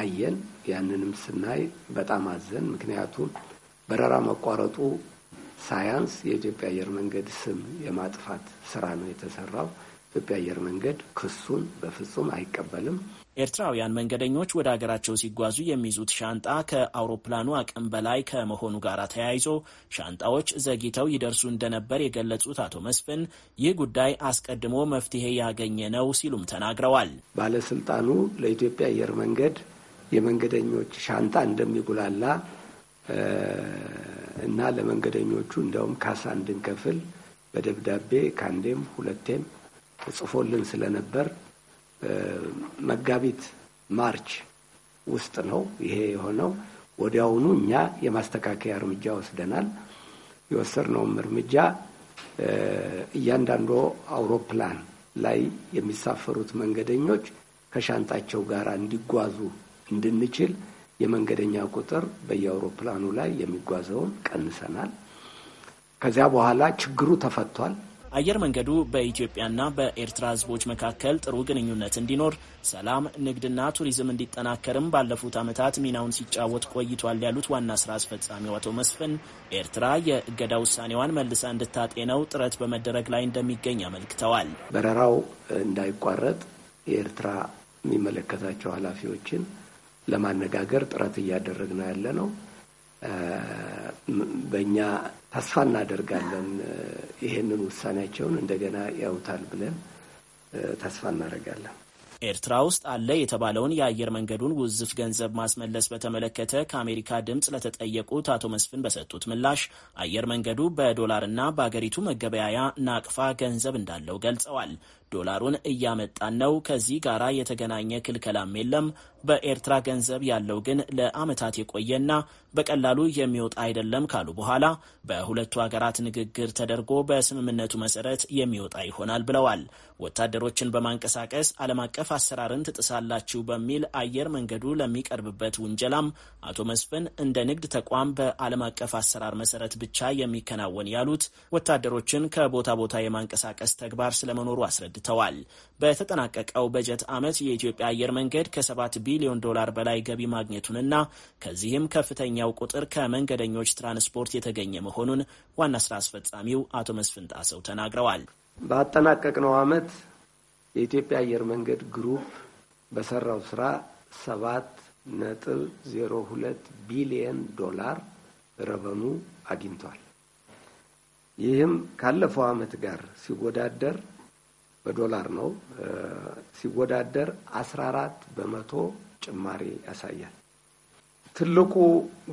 አየን። ያንንም ስናይ በጣም አዘን። ምክንያቱም በረራ መቋረጡ ሳያንስ የኢትዮጵያ አየር መንገድ ስም የማጥፋት ስራ ነው የተሰራው። ኢትዮጵያ አየር መንገድ ክሱን በፍጹም አይቀበልም። ኤርትራውያን መንገደኞች ወደ አገራቸው ሲጓዙ የሚይዙት ሻንጣ ከአውሮፕላኑ አቅም በላይ ከመሆኑ ጋር ተያይዞ ሻንጣዎች ዘግይተው ይደርሱ እንደነበር የገለጹት አቶ መስፍን ይህ ጉዳይ አስቀድሞ መፍትሄ ያገኘ ነው ሲሉም ተናግረዋል። ባለስልጣኑ ለኢትዮጵያ አየር መንገድ የመንገደኞች ሻንጣ እንደሚጉላላ እና ለመንገደኞቹ እንዲያውም ካሳ እንድንከፍል በደብዳቤ ከአንዴም ሁለቴም ጽፎልን ስለነበር መጋቢት ማርች ውስጥ ነው ይሄ የሆነው። ወዲያውኑ እኛ የማስተካከያ እርምጃ ወስደናል። የወሰድነውም እርምጃ እያንዳንዱ አውሮፕላን ላይ የሚሳፈሩት መንገደኞች ከሻንጣቸው ጋር እንዲጓዙ እንድንችል የመንገደኛ ቁጥር በየአውሮፕላኑ ላይ የሚጓዘውን ቀንሰናል። ከዚያ በኋላ ችግሩ ተፈቷል። አየር መንገዱ በኢትዮጵያና በኤርትራ ሕዝቦች መካከል ጥሩ ግንኙነት እንዲኖር፣ ሰላም፣ ንግድና ቱሪዝም እንዲጠናከርም ባለፉት ዓመታት ሚናውን ሲጫወት ቆይቷል ያሉት ዋና ስራ አስፈጻሚው አቶ መስፍን ኤርትራ የእገዳ ውሳኔዋን መልሳ እንድታጤነው ጥረት በመደረግ ላይ እንደሚገኝ አመልክተዋል። በረራው እንዳይቋረጥ የኤርትራ የሚመለከታቸው ኃላፊዎችን ለማነጋገር ጥረት ነው ያለ ነው። በእኛ ተስፋ እናደርጋለን ይህንን ውሳኔያቸውን እንደገና ያውታል ብለን ተስፋ እናደርጋለን። ኤርትራ ውስጥ አለ የተባለውን የአየር መንገዱን ውዝፍ ገንዘብ ማስመለስ በተመለከተ ከአሜሪካ ድምፅ ለተጠየቁት አቶ መስፍን በሰጡት ምላሽ አየር መንገዱ በዶላርና በአገሪቱ መገበያያ ናቅፋ ገንዘብ እንዳለው ገልጸዋል። ዶላሩን እያመጣን ነው። ከዚህ ጋራ የተገናኘ ክልከላም የለም። በኤርትራ ገንዘብ ያለው ግን ለአመታት የቆየና በቀላሉ የሚወጣ አይደለም ካሉ በኋላ በሁለቱ ሀገራት ንግግር ተደርጎ በስምምነቱ መሰረት የሚወጣ ይሆናል ብለዋል። ወታደሮችን በማንቀሳቀስ ዓለም አቀፍ አሰራርን ትጥሳላችሁ በሚል አየር መንገዱ ለሚቀርብበት ውንጀላም አቶ መስፍን እንደ ንግድ ተቋም በዓለም አቀፍ አሰራር መሰረት ብቻ የሚከናወን ያሉት ወታደሮችን ከቦታ ቦታ የማንቀሳቀስ ተግባር ስለመኖሩ አስረድ አስረድተዋል። በተጠናቀቀው በጀት ዓመት የኢትዮጵያ አየር መንገድ ከ7 ቢሊዮን ዶላር በላይ ገቢ ማግኘቱንና ከዚህም ከፍተኛው ቁጥር ከመንገደኞች ትራንስፖርት የተገኘ መሆኑን ዋና ስራ አስፈጻሚው አቶ መስፍን ጣሰው ተናግረዋል። ባጠናቀቅነው ዓመት የኢትዮጵያ አየር መንገድ ግሩፕ በሰራው ስራ 7 02 ቢሊየን ዶላር ረበኑ አግኝቷል። ይህም ካለፈው ዓመት ጋር ሲወዳደር በዶላር ነው ሲወዳደር 14 በመቶ ጭማሪ ያሳያል። ትልቁ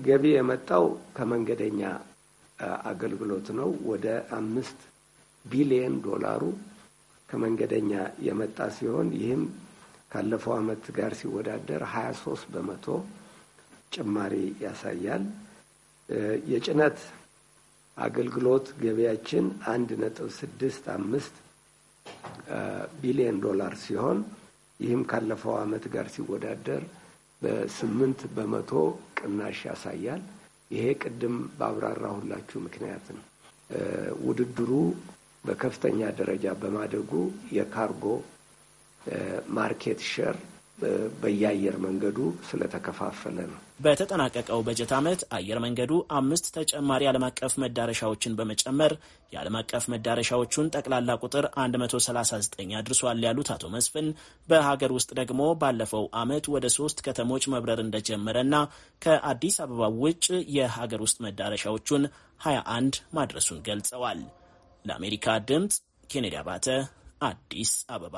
ገቢ የመጣው ከመንገደኛ አገልግሎት ነው። ወደ አምስት ቢሊየን ዶላሩ ከመንገደኛ የመጣ ሲሆን ይህም ካለፈው ዓመት ጋር ሲወዳደር 23 በመቶ ጭማሪ ያሳያል። የጭነት አገልግሎት ገቢያችን አንድ ነጥብ ስድስት አምስት ቢሊዮን ዶላር ሲሆን ይህም ካለፈው ዓመት ጋር ሲወዳደር በስምንት በመቶ ቅናሽ ያሳያል። ይሄ ቅድም ባብራራሁላችሁ ምክንያት ነው። ውድድሩ በከፍተኛ ደረጃ በማደጉ የካርጎ ማርኬት ሼር በየአየር መንገዱ ስለተከፋፈለ ነው። በተጠናቀቀው በጀት ዓመት አየር መንገዱ አምስት ተጨማሪ ዓለም አቀፍ መዳረሻዎችን በመጨመር የዓለም አቀፍ መዳረሻዎቹን ጠቅላላ ቁጥር 139 አድርሷል ያሉት አቶ መስፍን በሀገር ውስጥ ደግሞ ባለፈው ዓመት ወደ ሶስት ከተሞች መብረር እንደጀመረና ከአዲስ አበባ ውጭ የሀገር ውስጥ መዳረሻዎቹን 21 ማድረሱን ገልጸዋል። ለአሜሪካ ድምፅ ኬኔዲ አባተ አዲስ አበባ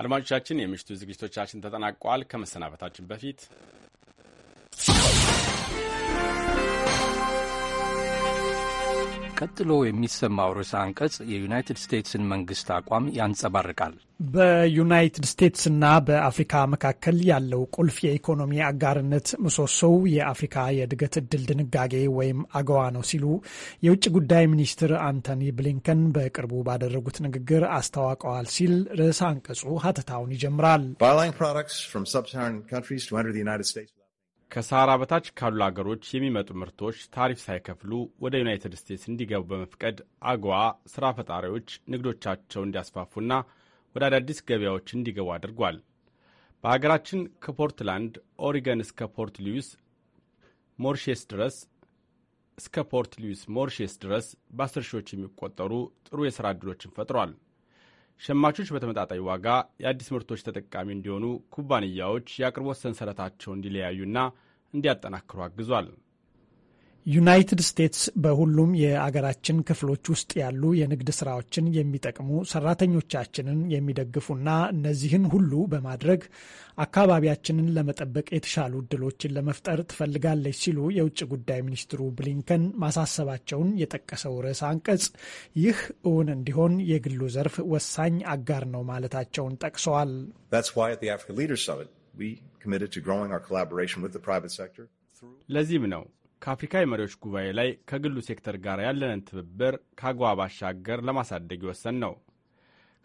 አድማጮቻችን፣ የምሽቱ ዝግጅቶቻችን ተጠናቀዋል። ከመሰናበታችን በፊት ቀጥሎ የሚሰማው ርዕሰ አንቀጽ የዩናይትድ ስቴትስን መንግስት አቋም ያንጸባርቃል። በዩናይትድ ስቴትስና በአፍሪካ መካከል ያለው ቁልፍ የኢኮኖሚ አጋርነት ምሰሶው የአፍሪካ የእድገት እድል ድንጋጌ ወይም አገዋ ነው ሲሉ የውጭ ጉዳይ ሚኒስትር አንቶኒ ብሊንከን በቅርቡ ባደረጉት ንግግር አስታውቀዋል ሲል ርዕሰ አንቀጹ ሀተታውን ይጀምራል። ከሰሃራ በታች ካሉ አገሮች የሚመጡ ምርቶች ታሪፍ ሳይከፍሉ ወደ ዩናይትድ ስቴትስ እንዲገቡ በመፍቀድ አግዋ ሥራ ፈጣሪዎች ንግዶቻቸው እንዲያስፋፉና ወደ አዳዲስ ገበያዎች እንዲገቡ አድርጓል። በሀገራችን ከፖርትላንድ ኦሪገን እስከ ፖርት ሉዊስ ሞርሼስ ድረስ እስከ ፖርት ሉዊስ ሞርሼስ ድረስ በአስር ሺዎች የሚቆጠሩ ጥሩ የሥራ ዕድሎችን ፈጥሯል። ሸማቾች በተመጣጣኝ ዋጋ የአዲስ ምርቶች ተጠቃሚ እንዲሆኑ ኩባንያዎች የአቅርቦት ሰንሰለታቸው እንዲለያዩና እንዲያጠናክሩ አግዟል። ዩናይትድ ስቴትስ በሁሉም የአገራችን ክፍሎች ውስጥ ያሉ የንግድ ስራዎችን የሚጠቅሙ ሰራተኞቻችንን የሚደግፉና እነዚህን ሁሉ በማድረግ አካባቢያችንን ለመጠበቅ የተሻሉ እድሎችን ለመፍጠር ትፈልጋለች ሲሉ የውጭ ጉዳይ ሚኒስትሩ ብሊንከን ማሳሰባቸውን የጠቀሰው ርዕስ አንቀጽ ይህ እውን እንዲሆን የግሉ ዘርፍ ወሳኝ አጋር ነው ማለታቸውን ጠቅሰዋል። ለዚህም ነው ከአፍሪካ የመሪዎች ጉባኤ ላይ ከግሉ ሴክተር ጋር ያለንን ትብብር ከአጓ ባሻገር ለማሳደግ ይወሰን ነው።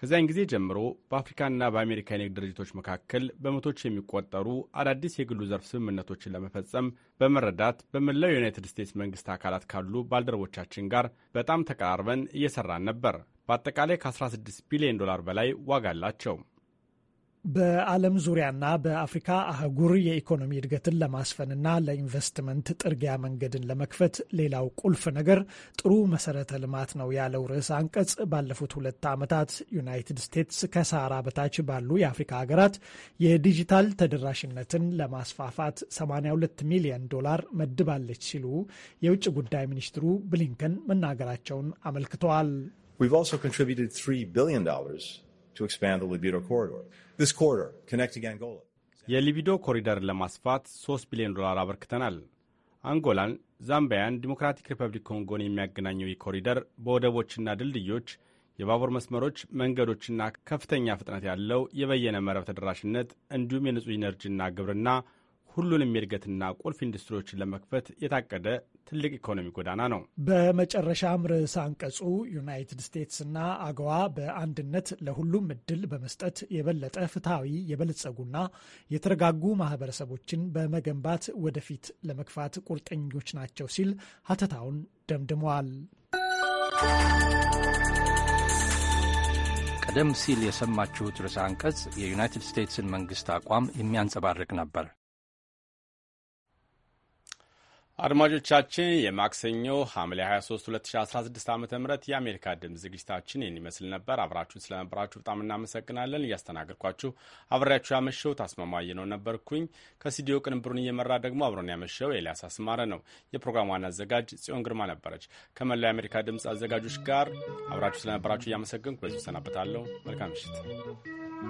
ከዚያን ጊዜ ጀምሮ በአፍሪካና በአሜሪካ የንግድ ድርጅቶች መካከል በመቶች የሚቆጠሩ አዳዲስ የግሉ ዘርፍ ስምምነቶችን ለመፈጸም በመረዳት በመላው የዩናይትድ ስቴትስ መንግስት አካላት ካሉ ባልደረቦቻችን ጋር በጣም ተቀራርበን እየሰራን ነበር። በአጠቃላይ ከ16 ቢሊዮን ዶላር በላይ ዋጋ አላቸው። በዓለም ዙሪያና በአፍሪካ አህጉር የኢኮኖሚ እድገትን ለማስፈንና ለኢንቨስትመንት ጥርጊያ መንገድን ለመክፈት ሌላው ቁልፍ ነገር ጥሩ መሰረተ ልማት ነው ያለው ርዕስ አንቀጽ ባለፉት ሁለት ዓመታት ዩናይትድ ስቴትስ ከሳራ በታች ባሉ የአፍሪካ ሀገራት የዲጂታል ተደራሽነትን ለማስፋፋት 82 ሚሊዮን ዶላር መድባለች ሲሉ የውጭ ጉዳይ ሚኒስትሩ ብሊንከን መናገራቸውን አመልክተዋል። We've also contributed $3 billion to expand the libido corridor. የሊቢዶ ኮሪደርን ለማስፋት 3 ቢሊዮን ዶላር አበርክተናል። አንጎላን፣ ዛምቢያን፣ ዲሞክራቲክ ሪፐብሊክ ኮንጎን የሚያገናኘው ይህ ኮሪደር በወደቦችና ድልድዮች፣ የባቡር መስመሮች፣ መንገዶችና ከፍተኛ ፍጥነት ያለው የበየነ መረብ ተደራሽነት እንዲሁም የንጹህ ኢነርጂና ግብርና ሁሉንም የእድገትና ቁልፍ ኢንዱስትሪዎችን ለመክፈት የታቀደ ትልቅ ኢኮኖሚ ጎዳና ነው። በመጨረሻም ርዕሰ አንቀጹ ዩናይትድ ስቴትስና አገዋ በአንድነት ለሁሉም እድል በመስጠት የበለጠ ፍትሐዊ፣ የበለጸጉና የተረጋጉ ማህበረሰቦችን በመገንባት ወደፊት ለመግፋት ቁርጠኞች ናቸው ሲል ሀተታውን ደምድመዋል። ቀደም ሲል የሰማችሁት ርዕስ አንቀጽ የዩናይትድ ስቴትስን መንግስት አቋም የሚያንጸባርቅ ነበር። አድማጮቻችን የማክሰኞ ሐምሌ 23 2016 ዓ ም የአሜሪካ ድምፅ ዝግጅታችን ይህን ይመስል ነበር። አብራችሁን ስለነበራችሁ በጣም እናመሰግናለን። እያስተናገድኳችሁ አብሬያችሁ ያመሸው ታስማማየ ነው ነበርኩኝ። ከስቱዲዮ ቅንብሩን እየመራ ደግሞ አብሮን ያመሸው ኤልያስ አስማረ ነው። የፕሮግራሙ ዋና አዘጋጅ ጽዮን ግርማ ነበረች። ከመላው የአሜሪካ ድምፅ አዘጋጆች ጋር አብራችሁ ስለነበራችሁ እያመሰገንኩ በዚሁ ሰናበታለሁ። መልካም ምሽት